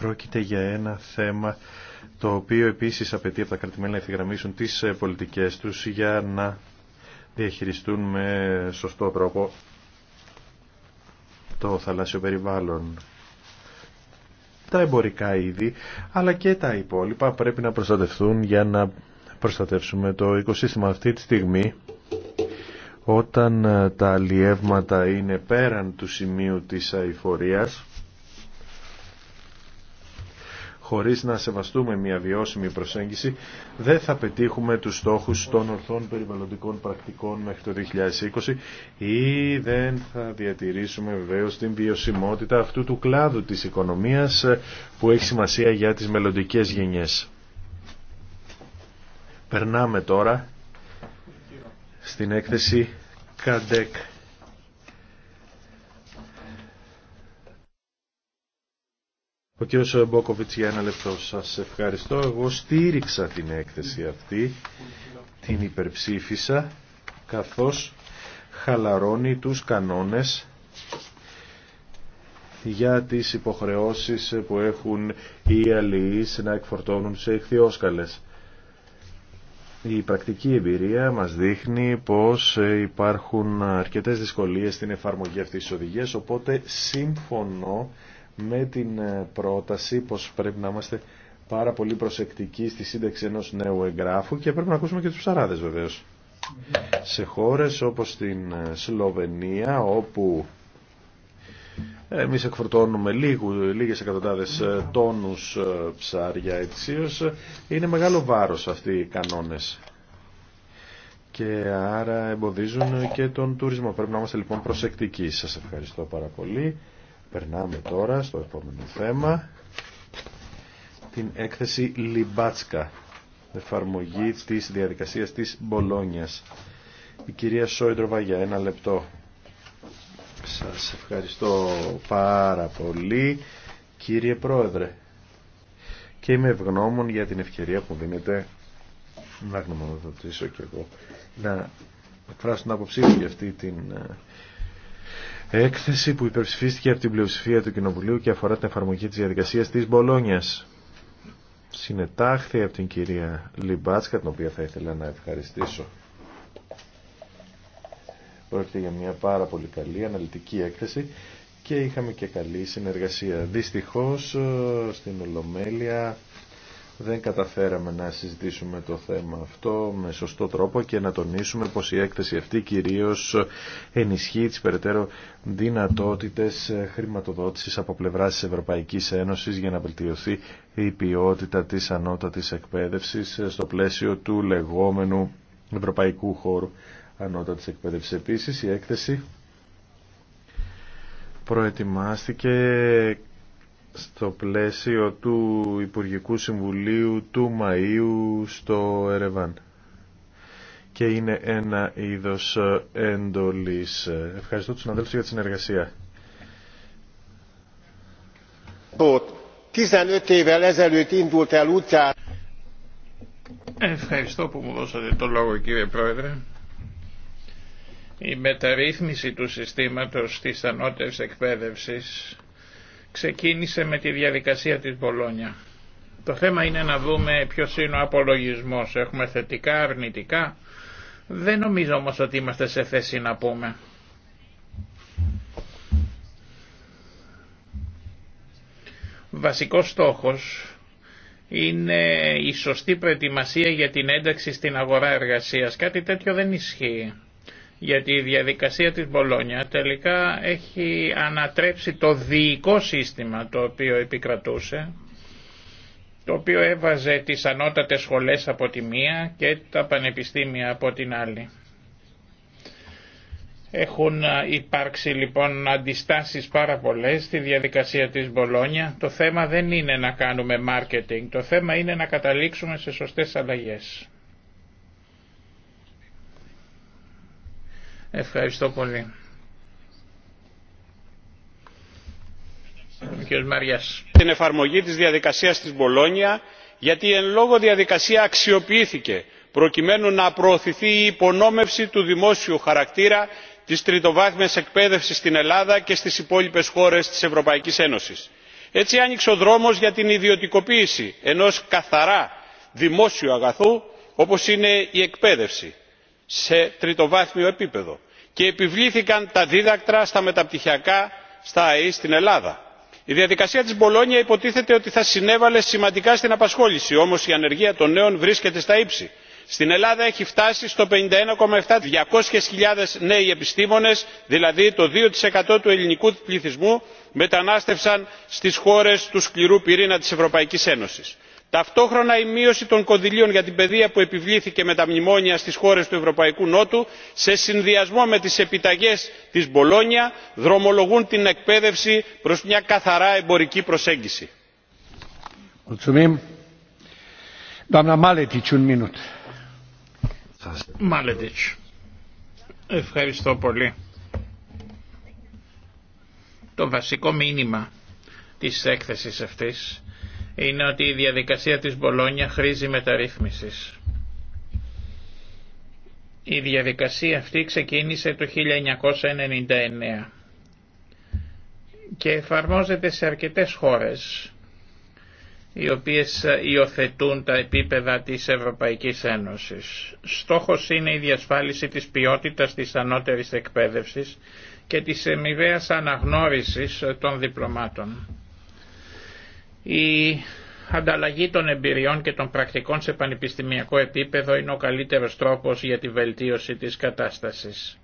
Πρόκειται για ένα θέμα το οποίο επίσης απαιτεί από τα κρατημένα να ευθυγραμμίσουν τις ε, πολιτικές τους για να διαχειριστούν με σωστό τρόπο το θαλάσσιο περιβάλλον. Τα εμπορικά είδη, αλλά και τα υπόλοιπα πρέπει να προστατευτούν για να προστατεύσουμε το οικοσύστημα αυτή τη στιγμή όταν ε, τα αλλιεύματα είναι πέραν του σημείου της αηφορίας χωρίς να σεβαστούμε μια βιώσιμη προσέγγιση δεν θα πετύχουμε τους στόχους των ορθών περιβαλλοντικών πρακτικών μέχρι το 2020 ή δεν θα διατηρήσουμε βεβαίως την βιωσιμότητα αυτού του κλάδου της οικονομίας ε, που έχει σημασία για τις μελλοντικές γενιές. Περνάμε τώρα στην έκθεση Καντέκ. Ο κ. Μπόκοβιτς για ένα λεπτό σας ευχαριστώ. Εγώ στήριξα την έκθεση αυτή, την υπερψήφισα, καθώς χαλαρώνει τους κανόνες για τις υποχρεώσεις που έχουν οι αλληλείς να εκφορτώνουν σε ηχθειόσκαλες. Η πρακτική εμπειρία μας δείχνει πως υπάρχουν αρκετές δυσκολίες στην εφαρμογή αυτής της οδηγίας, οπότε σύμφωνο με την ε, πρόταση πως πρέπει να είμαστε πάρα πολύ προσεκτικοί στη σύνταξη ενός νέου εγγράφου και πρέπει να ακούσουμε και τους ψαράδες βεβαίως. Σε χώρες όπως την ε, Σλοβενία όπου εμείς εκφορτώνουμε λίγου, λίγες εκατοντάδες ε, τόνους ε, ψάρια ετησίω. Είναι μεγάλο βάρος αυτοί οι κανόνες. Και άρα εμποδίζουν και τον τουρισμό. Πρέπει να είμαστε λοιπόν προσεκτικοί. Σας ευχαριστώ πάρα πολύ. Περνάμε τώρα στο επόμενο θέμα. Την έκθεση Λιμπάτσκα. Εφαρμογή της διαδικασίας της Μπολόνιας. Η κυρία Σόιντροβα για ένα λεπτό. Σας ευχαριστώ πάρα πολύ κύριε Πρόεδρε και είμαι ευγνώμων για την ευκαιρία που δίνετε να γνωμοδοτήσω και εγώ να εκφράσω την άποψή μου για αυτή την ε, έκθεση που υπερψηφίστηκε από την πλειοψηφία του Κοινοβουλίου και αφορά την εφαρμογή της διαδικασίας της Μπολόνιας. Συνετάχθη από την κυρία Λιμπάτσκα, την οποία θα ήθελα να ευχαριστήσω. Πρόκειται για μια πάρα πολύ καλή αναλυτική έκθεση και είχαμε και καλή συνεργασία. Δυστυχώς ε, στην Ολομέλεια δεν καταφέραμε να συζητήσουμε το θέμα αυτό με σωστό τρόπο και να τονίσουμε πως η έκθεση αυτή κυρίως ενισχύει τις περαιτέρω δυνατότητες ε, χρηματοδότησης από πλευράς της Ευρωπαϊκής Ένωσης για να βελτιωθεί η ποιότητα της ανώτατης εκπαίδευσης ε, στο πλαίσιο του λεγόμενου ευρωπαϊκού χώρου ανώτατης εκπαίδευση επίση. η έκθεση προετοιμάστηκε στο πλαίσιο του Υπουργικού Συμβουλίου του Μαΐου στο Ερεβάν και είναι ένα είδος έντολης. Ευχαριστώ τους συναδέλφους για τη συνεργασία. Ευχαριστώ που μου δώσατε το λόγο κύριε Πρόεδρε. Η μεταρρύθμιση του συστήματος της ανώτερης εκπαίδευσης ξεκίνησε με τη διαδικασία της Μπολόνια. Το θέμα είναι να δούμε ποιος είναι ο απολογισμός. Έχουμε θετικά, αρνητικά. Δεν νομίζω όμως ότι είμαστε σε θέση να πούμε. Βασικός στόχος είναι η σωστή προετοιμασία για την ένταξη στην αγορά εργασίας. Κάτι τέτοιο δεν ισχύει γιατί η διαδικασία της Μπολόνια τελικά έχει ανατρέψει το διοικό σύστημα το οποίο επικρατούσε, το οποίο έβαζε τις ανώτατες σχολές από τη μία και τα πανεπιστήμια από την άλλη. Έχουν υπάρξει λοιπόν αντιστάσεις πάρα πολλές στη διαδικασία της Μπολόνια. Το θέμα δεν είναι να κάνουμε marketing, το θέμα είναι να καταλήξουμε σε σωστές αλλαγές. Ευχαριστώ πολύ. Την εφαρμογή της διαδικασίας της Μπολόνια γιατί εν λόγω διαδικασία αξιοποιήθηκε προκειμένου να προωθηθεί η υπονόμευση του δημόσιου χαρακτήρα της τριτοβάθμιας εκπαίδευσης στην ελλάδα και στις υπόλοιπες χώρες της ευρωπαϊκής ένωσης. έτσι άνοιξε ο δρόμος για την ιδιωτικοποίηση ενός καθαρά δημόσιου αγαθού όπως είναι η εκπαίδευση σε τριτοβάθμιο επίπεδο και επιβλήθηκαν τα δίδακτρα στα μεταπτυχιακά στα αε στην ελλάδα. η διαδικασία της μπολόνια υποτίθεται ότι θα συνέβαλε σημαντικά στην απασχόληση όμως η ανεργία των νέων βρίσκεται στα ύψη. στην ελλάδα έχει φτάσει στο 51,7 200.000 νέοι επιστήμονες δηλαδή το 2% του ελληνικού πληθυσμού μετανάστευσαν στις χώρες του σκληρού πυρήνα της ευρωπαϊκής ένωσης ταυτόχρονα η μείωση των κονδυλίων για την παιδεία που επιβλήθηκε με τα μνημόνια στις χώρες του ευρωπαϊκού νότου σε συνδυασμό με τις επιταγές της μπολόνια δρομολογούν την εκπαίδευση προς μια καθαρά εμπορική προσέγγιση. Ευχαριστώ πολύ. Το βασικό μήνυμα της έκθεσης αυτής είναι ότι η διαδικασία της Μπολόνια χρήζει μεταρρύθμισης. Η διαδικασία αυτή ξεκίνησε το 1999 και εφαρμόζεται σε αρκετές χώρες οι οποίες υιοθετούν τα επίπεδα της Ευρωπαϊκής Ένωσης. Στόχος είναι η διασφάλιση της ποιότητας της ανώτερης εκπαίδευσης και της εμοιβαίας αναγνώρισης των διπλωμάτων. Η ανταλλαγή των εμπειριών και των πρακτικών σε πανεπιστημιακό επίπεδο είναι ο καλύτερος τρόπος για τη βελτίωση της κατάστασης.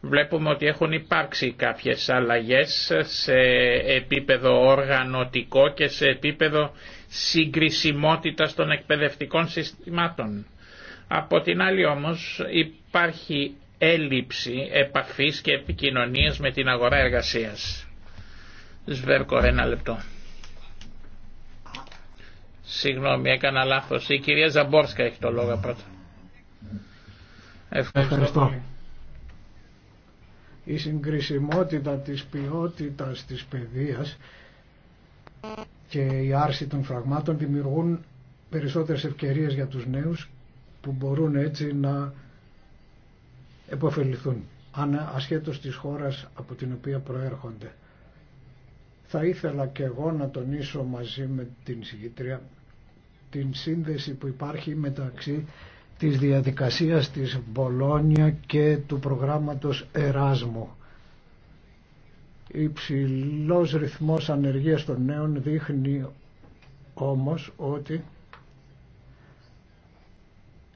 Βλέπουμε ότι έχουν υπάρξει κάποιες αλλαγές σε επίπεδο οργανωτικό και σε επίπεδο συγκρισιμότητας των εκπαιδευτικών συστημάτων. Από την άλλη όμως υπάρχει έλλειψη επαφής και επικοινωνίας με την αγορά εργασίας. Σβέρκο, ένα λεπτό. Συγγνώμη, έκανα λάθο. Η κυρία Ζαμπόρσκα έχει το λόγο πρώτα. Ευχαριστώ. Ευχαριστώ. Η συγκρισιμότητα της ποιότητας της παιδείας και η άρση των φραγμάτων δημιουργούν περισσότερες ευκαιρίες για τους νέους που μπορούν έτσι να επωφεληθούν αν ασχέτως της χώρας από την οποία προέρχονται. Θα ήθελα και εγώ να τονίσω μαζί με την συγκήτρια την σύνδεση που υπάρχει μεταξύ της διαδικασίας της Μπολόνια και του προγράμματος Εράσμου. Υψηλός ρυθμός ανεργίας των νέων δείχνει όμως ότι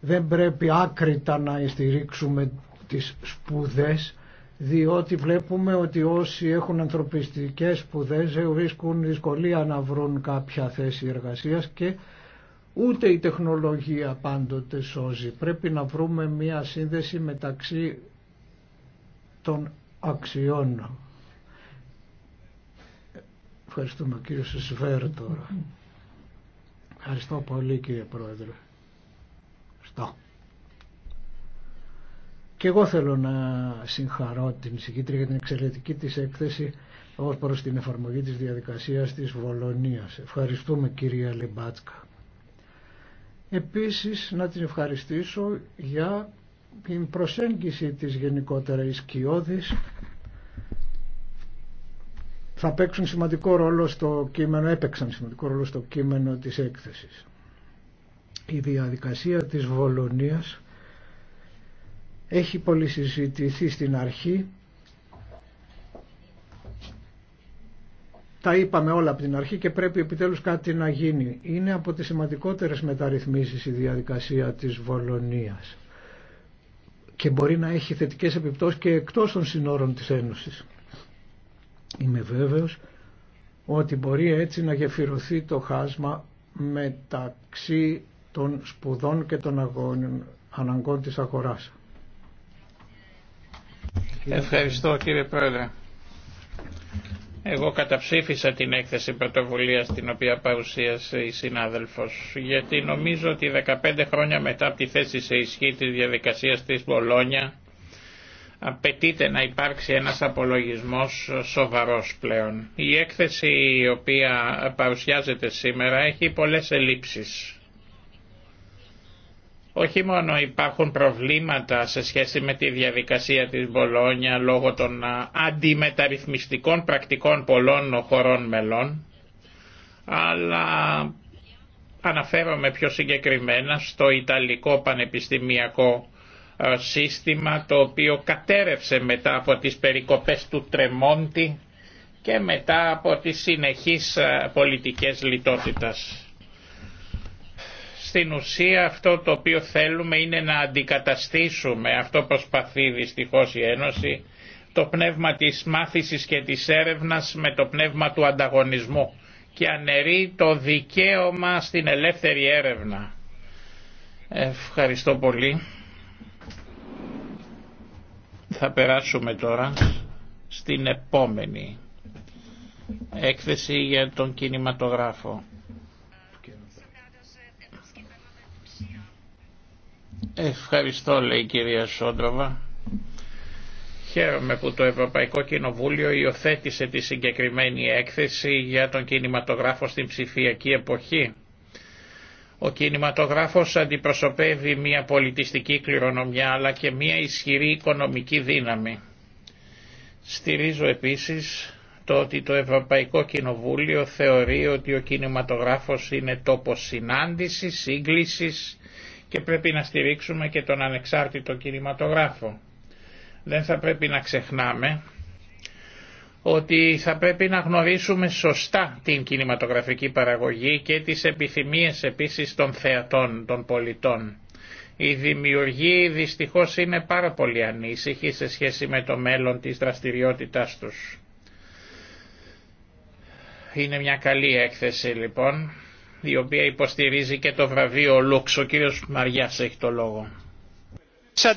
δεν πρέπει άκρητα να στηρίξουμε τις σπουδές διότι βλέπουμε ότι όσοι έχουν ανθρωπιστικές σπουδέ βρίσκουν δυσκολία να βρουν κάποια θέση εργασίας και ούτε η τεχνολογία πάντοτε σώζει. Πρέπει να βρούμε μία σύνδεση μεταξύ των αξιών. Ευχαριστούμε κύριο Σεσβέρ τώρα. Ευχαριστώ πολύ κύριε Πρόεδρε. Ευχαριστώ. Και εγώ θέλω να συγχαρώ την συγκήτρια για την εξαιρετική της έκθεση ως προς την εφαρμογή της διαδικασίας της Βολονίας. Ευχαριστούμε κυρία Λιμπάτσκα. Επίσης να την ευχαριστήσω για την προσέγγιση της γενικότερα Ισκιώδης. θα παίξουν σημαντικό ρόλο στο κείμενο, έπαιξαν σημαντικό ρόλο στο κείμενο της έκθεσης. Η διαδικασία της Βολονίας έχει πολύ συζητηθεί στην αρχή. Τα είπαμε όλα από την αρχή και πρέπει επιτέλους κάτι να γίνει. Είναι από τις σημαντικότερες μεταρρυθμίσεις η διαδικασία της Βολονίας και μπορεί να έχει θετικές επιπτώσεις και εκτός των συνόρων της Ένωσης. Είμαι βέβαιος ότι μπορεί έτσι να γεφυρωθεί το χάσμα μεταξύ των σπουδών και των αγώνων, αναγκών της αγοράς. Ευχαριστώ κύριε Πρόεδρε. Εγώ καταψήφισα την έκθεση πρωτοβουλία την οποία παρουσίασε η συνάδελφος γιατί νομίζω ότι 15 χρόνια μετά από τη θέση σε ισχύ της διαδικασίας της Μπολόνια απαιτείται να υπάρξει ένας απολογισμός σοβαρός πλέον. Η έκθεση η οποία παρουσιάζεται σήμερα έχει πολλές ελλείψεις όχι μόνο υπάρχουν προβλήματα σε σχέση με τη διαδικασία της Μπολόνια λόγω των αντιμεταρρυθμιστικών πρακτικών πολλών χωρών μελών, αλλά αναφέρομαι πιο συγκεκριμένα στο Ιταλικό Πανεπιστημιακό Σύστημα, το οποίο κατέρευσε μετά από τις περικοπές του Τρεμόντι και μετά από τις συνεχείς πολιτικές λιτότητας. Στην ουσία αυτό το οποίο θέλουμε είναι να αντικαταστήσουμε, αυτό προσπαθεί δυστυχώ η Ένωση, το πνεύμα της μάθησης και της έρευνας με το πνεύμα του ανταγωνισμού και αναιρεί το δικαίωμα στην ελεύθερη έρευνα. Ευχαριστώ πολύ. Θα περάσουμε τώρα στην επόμενη έκθεση για τον κινηματογράφο. Ευχαριστώ λέει η κυρία Σόντροβα. Χαίρομαι που το Ευρωπαϊκό Κοινοβούλιο υιοθέτησε τη συγκεκριμένη έκθεση για τον κινηματογράφο στην ψηφιακή εποχή. Ο κινηματογράφος αντιπροσωπεύει μια πολιτιστική κληρονομιά αλλά και μια ισχυρή οικονομική δύναμη. Στηρίζω επίσης το ότι το Ευρωπαϊκό Κοινοβούλιο θεωρεί ότι ο κινηματογράφος είναι τόπος συνάντησης, σύγκλησης και πρέπει να στηρίξουμε και τον ανεξάρτητο κινηματογράφο. Δεν θα πρέπει να ξεχνάμε ότι θα πρέπει να γνωρίσουμε σωστά την κινηματογραφική παραγωγή και τις επιθυμίες επίσης των θεατών, των πολιτών. Η δημιουργοί δυστυχώς είναι πάρα πολύ ανήσυχοι σε σχέση με το μέλλον της δραστηριότητάς τους. Είναι μια καλή έκθεση λοιπόν η οποία υποστηρίζει και το βραβείο Λουξ. Ο κύριος Μαριάς έχει το λόγο.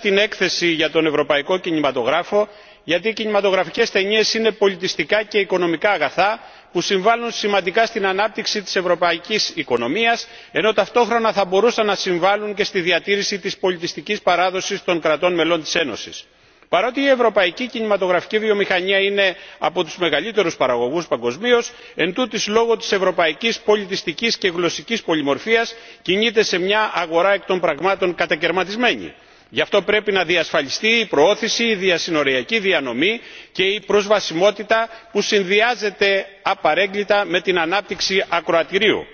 την έκθεση για τον Ευρωπαϊκό Κινηματογράφο γιατί οι κινηματογραφικές ταινίες είναι πολιτιστικά και οικονομικά αγαθά που συμβάλλουν σημαντικά στην ανάπτυξη της ευρωπαϊκής οικονομίας ενώ ταυτόχρονα θα μπορούσαν να συμβάλλουν και στη διατήρηση της πολιτιστικής παράδοσης των κρατών μελών της ένωσης παρότι η ευρωπαϊκή κινηματογραφική βιομηχανία είναι από τους μεγαλύτερους παραγωγούς παγκοσμίως εντούτοις λόγω της ευρωπαϊκής πολιτιστικής και γλωσσικής πολυμορφίας κινείται σε μια αγορά εκ των πραγμάτων κατακαιρματισμένη. γι' αυτό πρέπει να διασφαλιστεί η προώθηση η διασυνοριακή διανομή και η προσβασιμότητα που συνδυάζεται απαρέγκλιτα με την ανάπτυξη ακροατηρίου.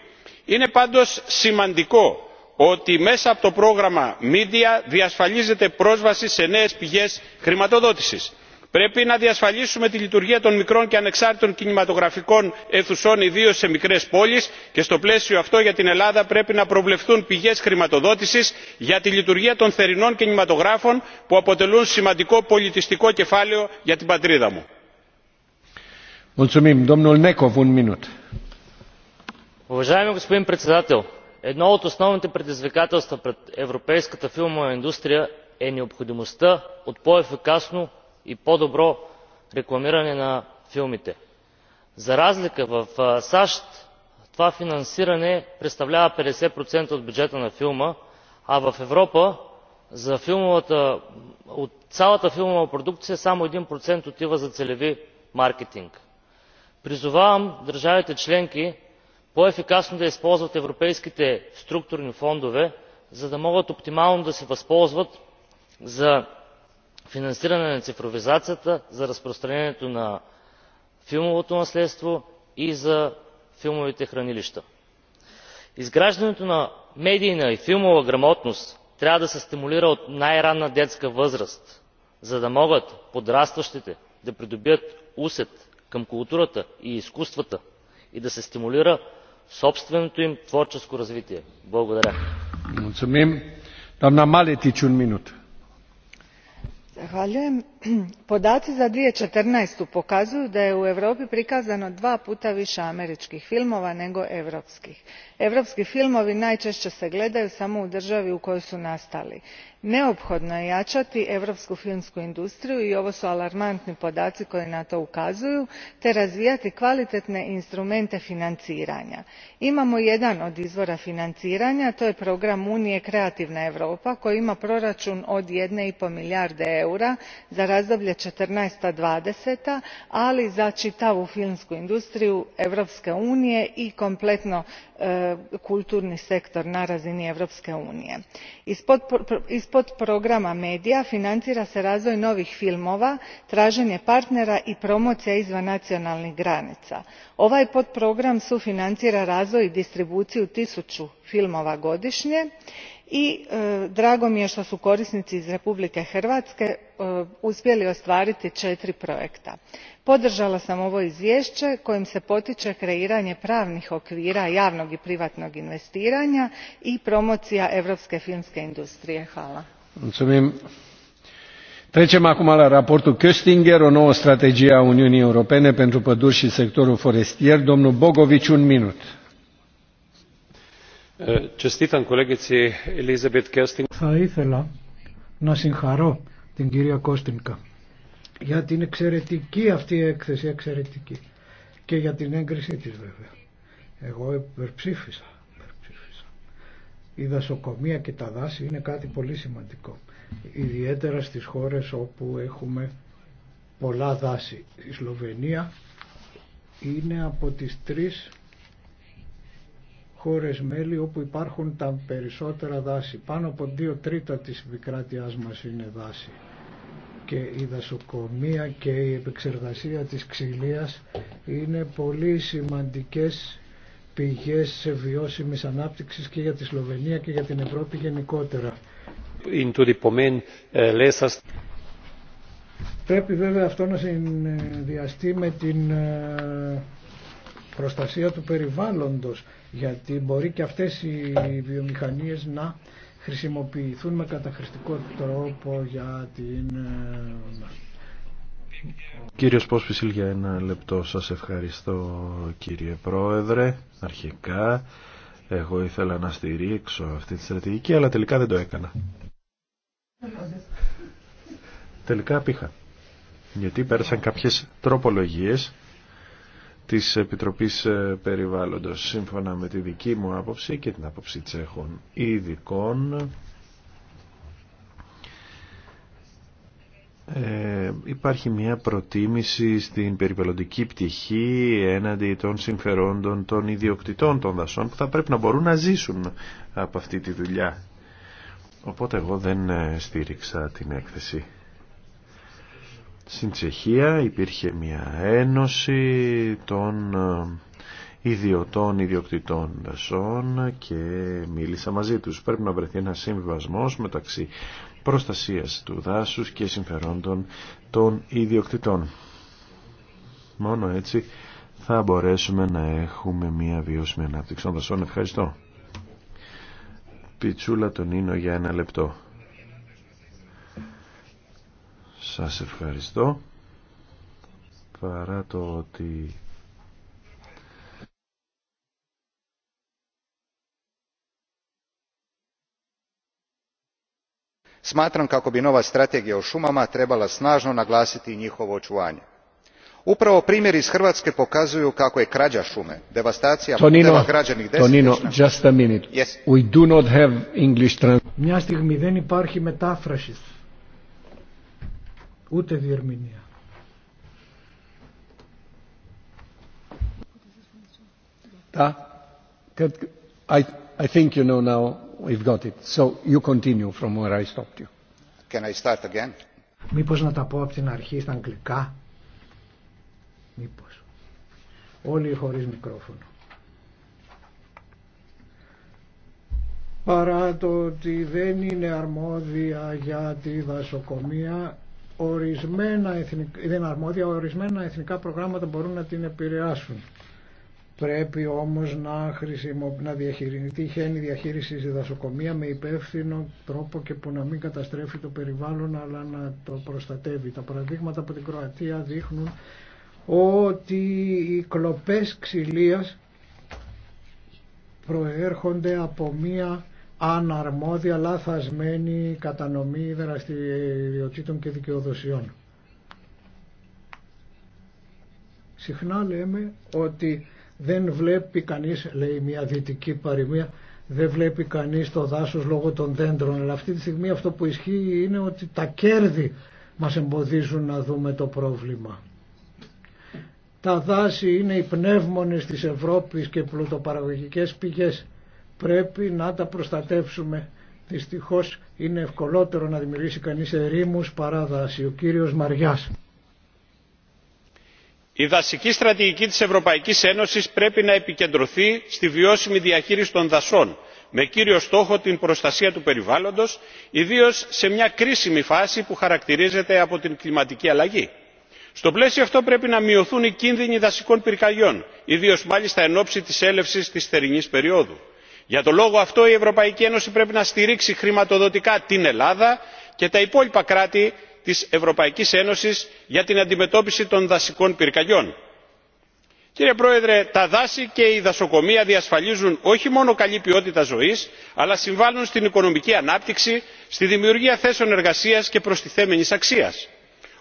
είναι πάντως σημαντικό ότι μέσα από το πρόγραμμα media διασφαλίζεται πρόσβαση σε νέες πηγές χρηματοδότησης. πρέπει να διασφαλίσουμε τη λειτουργία των μικρών και ανεξάρτητων κινηματογραφικών αιθουσών ιδίως σε μικρές πόλεις και στο πλαίσιο αυτό για την ελλάδα πρέπει να προβλεφθούν πηγές χρηματοδότησης για τη λειτουργία των θερινών κινηματογράφων που αποτελούν σημαντικό πολιτιστικό κεφάλαιο για την πατρίδα μου едно от основните предизвикателства пред европейската филмова индустрия е необходимостта от по ефикасно и по добро рекламиране на филмите. за разлика в сащ това финансиране представлява 50% от бюджета на филма а в европа от цялата филмова продукция само 1% отива за целеви маркетинг. призовавам държавите членки по ефикасно да използват европейските структурни фондове за да могат оптимално да се възползват за финансиране на цифровизацията за разпространението на филмовото наследство и за филмовите хранилища. изграждането на медийна и филмова грамотност трябва да се стимулира от най ранна детска възраст за да могат подрастващите да придобият усет към културата и изкуствата и да се стимулира собственото им творческо развитие. Благодаря. Podaci za 2014. pokazuju da je u Europi prikazano dva puta više američkih filmova nego europskih. Europski filmovi najčešće se gledaju samo u državi u kojoj su nastali neophodno je jačati europsku filmsku industriju i ovo su alarmantni podaci koji na to ukazuju te razvijati kvalitetne instrumente financiranja. imamo jedan od izvora financiranja to je program unije kreativna europa koji ima proračun od jedne i pol milijarde eura za razdoblje četrnaesta dvadeseta ali za čitavu filmsku industriju europske unije i kompletno kulturni sektor na razini europske unije. iz pod programa medija financira se razvoj novih filmova traenje partnera i promocija izvan nacionalnih granica ovaj potprogram sufinancira razvoj i distribuciju tisuu filmova godinje i drago mi je to su korisnici iz republike hrvatske uspjeli ostvariti etiri projekta. podrala sam ovo izvjee kojim se potie kreiranje pravnih okvira javnog i privatnog investiranja i promocija europske filmske industrije. hvala. Θα ήθελα να συγχαρώ την κυρία Κώστινκα για την εξαιρετική αυτή η έκθεση, εξαιρετική και για την έγκρισή της βέβαια. Εγώ υπερψήφισα. Η δασοκομεία και τα δάση είναι κάτι πολύ σημαντικό ιδιαίτερα στις χώρες όπου έχουμε πολλά δάση. Η Σλοβενία είναι από τις τρεις χώρες μέλη όπου υπάρχουν τα περισσότερα δάση. Πάνω από δύο τρίτα της επικράτειάς μας είναι δάση. Και η δασοκομεία και η επεξεργασία της ξυλίας είναι πολύ σημαντικές πηγές σε βιώσιμης ανάπτυξης και για τη Σλοβενία και για την Ευρώπη γενικότερα in tudi pomen ε, Πρέπει βέβαια αυτό να συνδυαστεί με την ε, προστασία του περιβάλλοντος γιατί μπορεί και αυτές οι βιομηχανίες να χρησιμοποιηθούν με καταχρηστικό τρόπο για την... Ε, Κύριος Πόσπισιλ για ένα λεπτό σας ευχαριστώ κύριε Πρόεδρε αρχικά εγώ ήθελα να στηρίξω αυτή τη στρατηγική αλλά τελικά δεν το έκανα Τελικά απήχα. Γιατί πέρασαν κάποιες τροπολογίες της Επιτροπής ε, Περιβάλλοντος σύμφωνα με τη δική μου άποψη και την άποψη τσέχων ειδικών ε, υπάρχει μια προτίμηση στην περιβαλλοντική πτυχή έναντι των συμφερόντων των ιδιοκτητών των δασών που θα πρέπει να μπορούν να ζήσουν από αυτή τη δουλειά Οπότε εγώ δεν ε, στήριξα την έκθεση. Στην Τσεχία υπήρχε μια ένωση των ε, ιδιωτών ιδιοκτητών δασών και μίλησα μαζί τους. Πρέπει να βρεθεί ένα συμβιβασμός μεταξύ προστασίας του δάσους και συμφερόντων των ιδιοκτητών. Μόνο έτσι θα μπορέσουμε να έχουμε μια βιώσιμη ανάπτυξη των δασών. Ευχαριστώ. Πιτσούλα τον Ίνο για ένα λεπτό. Σας ευχαριστώ. Παρά το ότι... Smatram kako bi nova strategija o šumama trebala snažno naglasiti njihovo očuvanje upravo primjeri iz hrvatske pokazuju kako je krađa šume devastacija puteva građenih desetljećima μια στιγμή δεν can I start again μήπως. Όλοι χωρίς μικρόφωνο. Παρά το ότι δεν είναι αρμόδια για τη δασοκομεία, ορισμένα εθνικά, δεν αρμόδια, ορισμένα εθνικά προγράμματα μπορούν να την επηρεάσουν. Πρέπει όμως να, χρησιμο, να διαχειριστεί η διαχείριση στη δασοκομεία με υπεύθυνο τρόπο και που να μην καταστρέφει το περιβάλλον αλλά να το προστατεύει. Τα παραδείγματα από την Κροατία δείχνουν ότι οι κλοπές ξυλίας προέρχονται από μία αναρμόδια λαθασμένη κατανομή δραστηριοτήτων και δικαιοδοσιών. Συχνά λέμε ότι δεν βλέπει κανείς, λέει μια δυτική παροιμία, δεν βλέπει κανείς το δάσος λόγω των δέντρων, αλλά αυτή τη στιγμή αυτό που ισχύει είναι ότι τα κέρδη μας εμποδίζουν να δούμε το πρόβλημα. Τα δάση είναι οι πνεύμονες της Ευρώπης και πλουτοπαραγωγικές πηγές. Πρέπει να τα προστατεύσουμε. Δυστυχώς είναι ευκολότερο να δημιουργήσει κανείς ερήμους παρά δάση. Ο κύριος Μαριάς. Η δασική στρατηγική της Ευρωπαϊκής Ένωσης πρέπει να επικεντρωθεί στη βιώσιμη διαχείριση των δασών με κύριο στόχο την προστασία του περιβάλλοντος ιδίως σε μια κρίσιμη φάση που χαρακτηρίζεται από την κλιματική αλλαγή στο πλαίσιο αυτό πρέπει να μειωθούν οι κίνδυνοι δασικών πυρκαγιών ιδίω μάλιστα εν ώψη τη έλευση τη θερινή περίοδου. για τον λόγο αυτό η ευρωπαϊκή ένωση πρέπει να στηρίξει χρηματοδοτικά την ελλάδα και τα υπόλοιπα κράτη τη ευρωπαϊκή ένωση για την αντιμετώπιση των δασικών πυρκαγιών. κύριε πρόεδρε τα δάση και η δασοκομεία διασφαλίζουν όχι μόνο καλή ποιότητα ζωή αλλά συμβάλλουν στην οικονομική ανάπτυξη στη δημιουργία θέσεων εργασία και προστιθέμενη αξία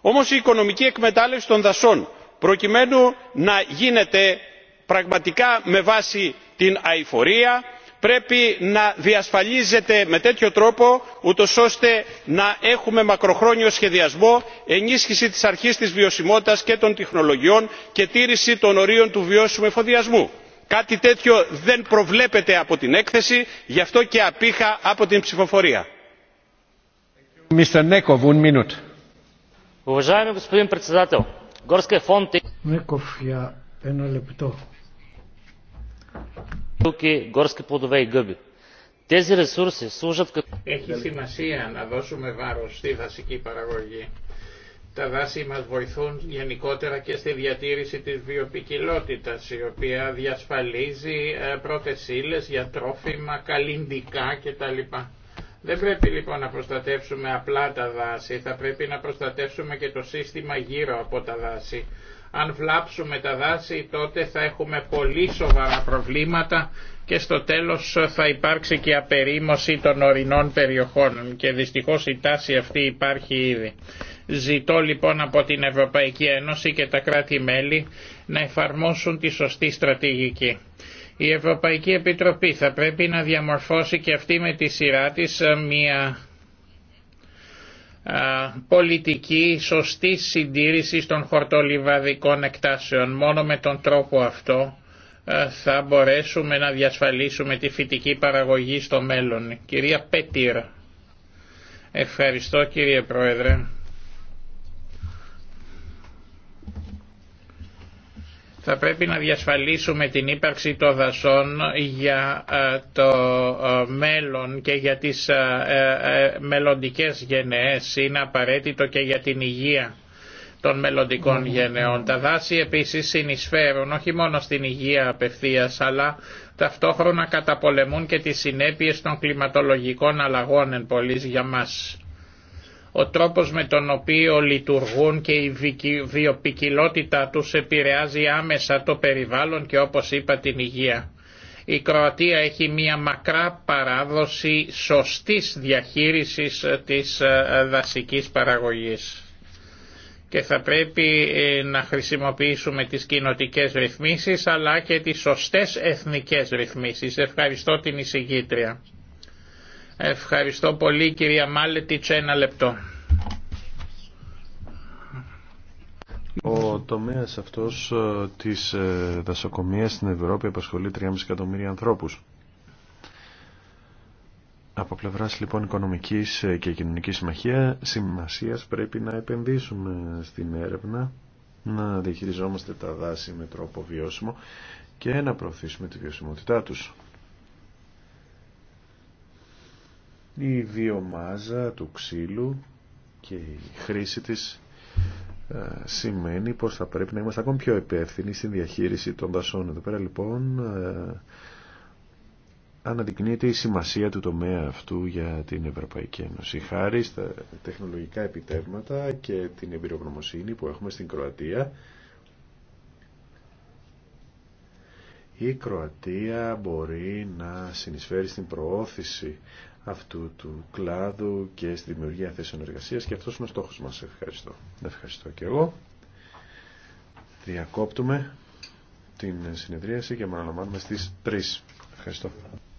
όμως η οικονομική εκμετάλλευση των δασών προκειμένου να γίνεται πραγματικά με βάση την αειφορία πρέπει να διασφαλίζεται με τέτοιο τρόπο ούτως ώστε να έχουμε μακροχρόνιο σχεδιασμό ενίσχυση της αρχής της βιωσιμότητας και των τεχνολογιών και τήρηση των ορίων του βιώσιμου εφοδιασμού. κάτι τέτοιο δεν προβλέπεται από την έκθεση γι' αυτό και απήχα από την ψηφοφορία. Έχει σημασία να δώσουμε βάρος στη δασική παραγωγή. Τα δάση μας βοηθούν γενικότερα και στη διατήρηση της βιοπικιλότητας, η οποία διασφαλίζει ε, πρώτες ύλες για τρόφιμα, καλλιντικά κτλ. Δεν πρέπει λοιπόν να προστατεύσουμε απλά τα δάση, θα πρέπει να προστατεύσουμε και το σύστημα γύρω από τα δάση. Αν βλάψουμε τα δάση τότε θα έχουμε πολύ σοβαρά προβλήματα και στο τέλος θα υπάρξει και απερίμωση των ορεινών περιοχών και δυστυχώς η τάση αυτή υπάρχει ήδη. Ζητώ λοιπόν από την Ευρωπαϊκή Ένωση και τα κράτη-μέλη να εφαρμόσουν τη σωστή στρατηγική. Η Ευρωπαϊκή Επιτροπή θα πρέπει να διαμορφώσει και αυτή με τη σειρά της ε, μια ε, πολιτική σωστή συντήρηση των χορτολιβαδικών εκτάσεων. Μόνο με τον τρόπο αυτό ε, θα μπορέσουμε να διασφαλίσουμε τη φυτική παραγωγή στο μέλλον. Κυρία Πέτυρ. Ευχαριστώ κύριε Πρόεδρε. Θα πρέπει να διασφαλίσουμε την ύπαρξη των δασών για ε, το ε, μέλλον και για τις ε, μελλοντικές γενναίες. Είναι απαραίτητο και για την υγεία των μελλοντικών γενεών. Τα δάση επίσης συνεισφέρουν όχι μόνο στην υγεία απευθείας αλλά ταυτόχρονα καταπολεμούν και τις συνέπειες των κλιματολογικών αλλαγών εν για μας ο τρόπος με τον οποίο λειτουργούν και η βιοπικιλότητα τους επηρεάζει άμεσα το περιβάλλον και όπως είπα την υγεία. Η Κροατία έχει μία μακρά παράδοση σωστής διαχείρισης της ε, δασικής παραγωγής και θα πρέπει ε, να χρησιμοποιήσουμε τις κοινοτικές ρυθμίσεις αλλά και τις σωστές εθνικές ρυθμίσεις. Ευχαριστώ την εισηγήτρια. Ευχαριστώ πολύ κυρία Μάλετιτς, ένα λεπτό. Ο τομέας αυτός ε, της ε, δασοκομείας στην Ευρώπη απασχολεί 3,5 εκατομμύρια ανθρώπους. Από πλευράς λοιπόν οικονομικής ε, και κοινωνικής συμμαχίας σημασίας πρέπει να επενδύσουμε στην έρευνα, να διαχειριζόμαστε τα δάση με τρόπο βιώσιμο και να προωθήσουμε τη βιωσιμότητά τους. η βιομάζα του ξύλου και η χρήση της ε, σημαίνει πως θα πρέπει να είμαστε ακόμη πιο επεύθυνοι στην διαχείριση των δασών. Εδώ πέρα λοιπόν ε, αναδεικνύεται η σημασία του τομέα αυτού για την Ευρωπαϊκή Ένωση. Χάρη στα τεχνολογικά επιτεύγματα και την εμπειρογνωμοσύνη που έχουμε στην Κροατία, η Κροατία μπορεί να συνεισφέρει στην προώθηση αυτού του κλάδου και στη δημιουργία θέσεων εργασίας και αυτός είναι ο στόχος μας. Ευχαριστώ. Ευχαριστώ και εγώ. Διακόπτουμε την συνεδρίαση και αναλαμβάνουμε στις 3. Ευχαριστώ.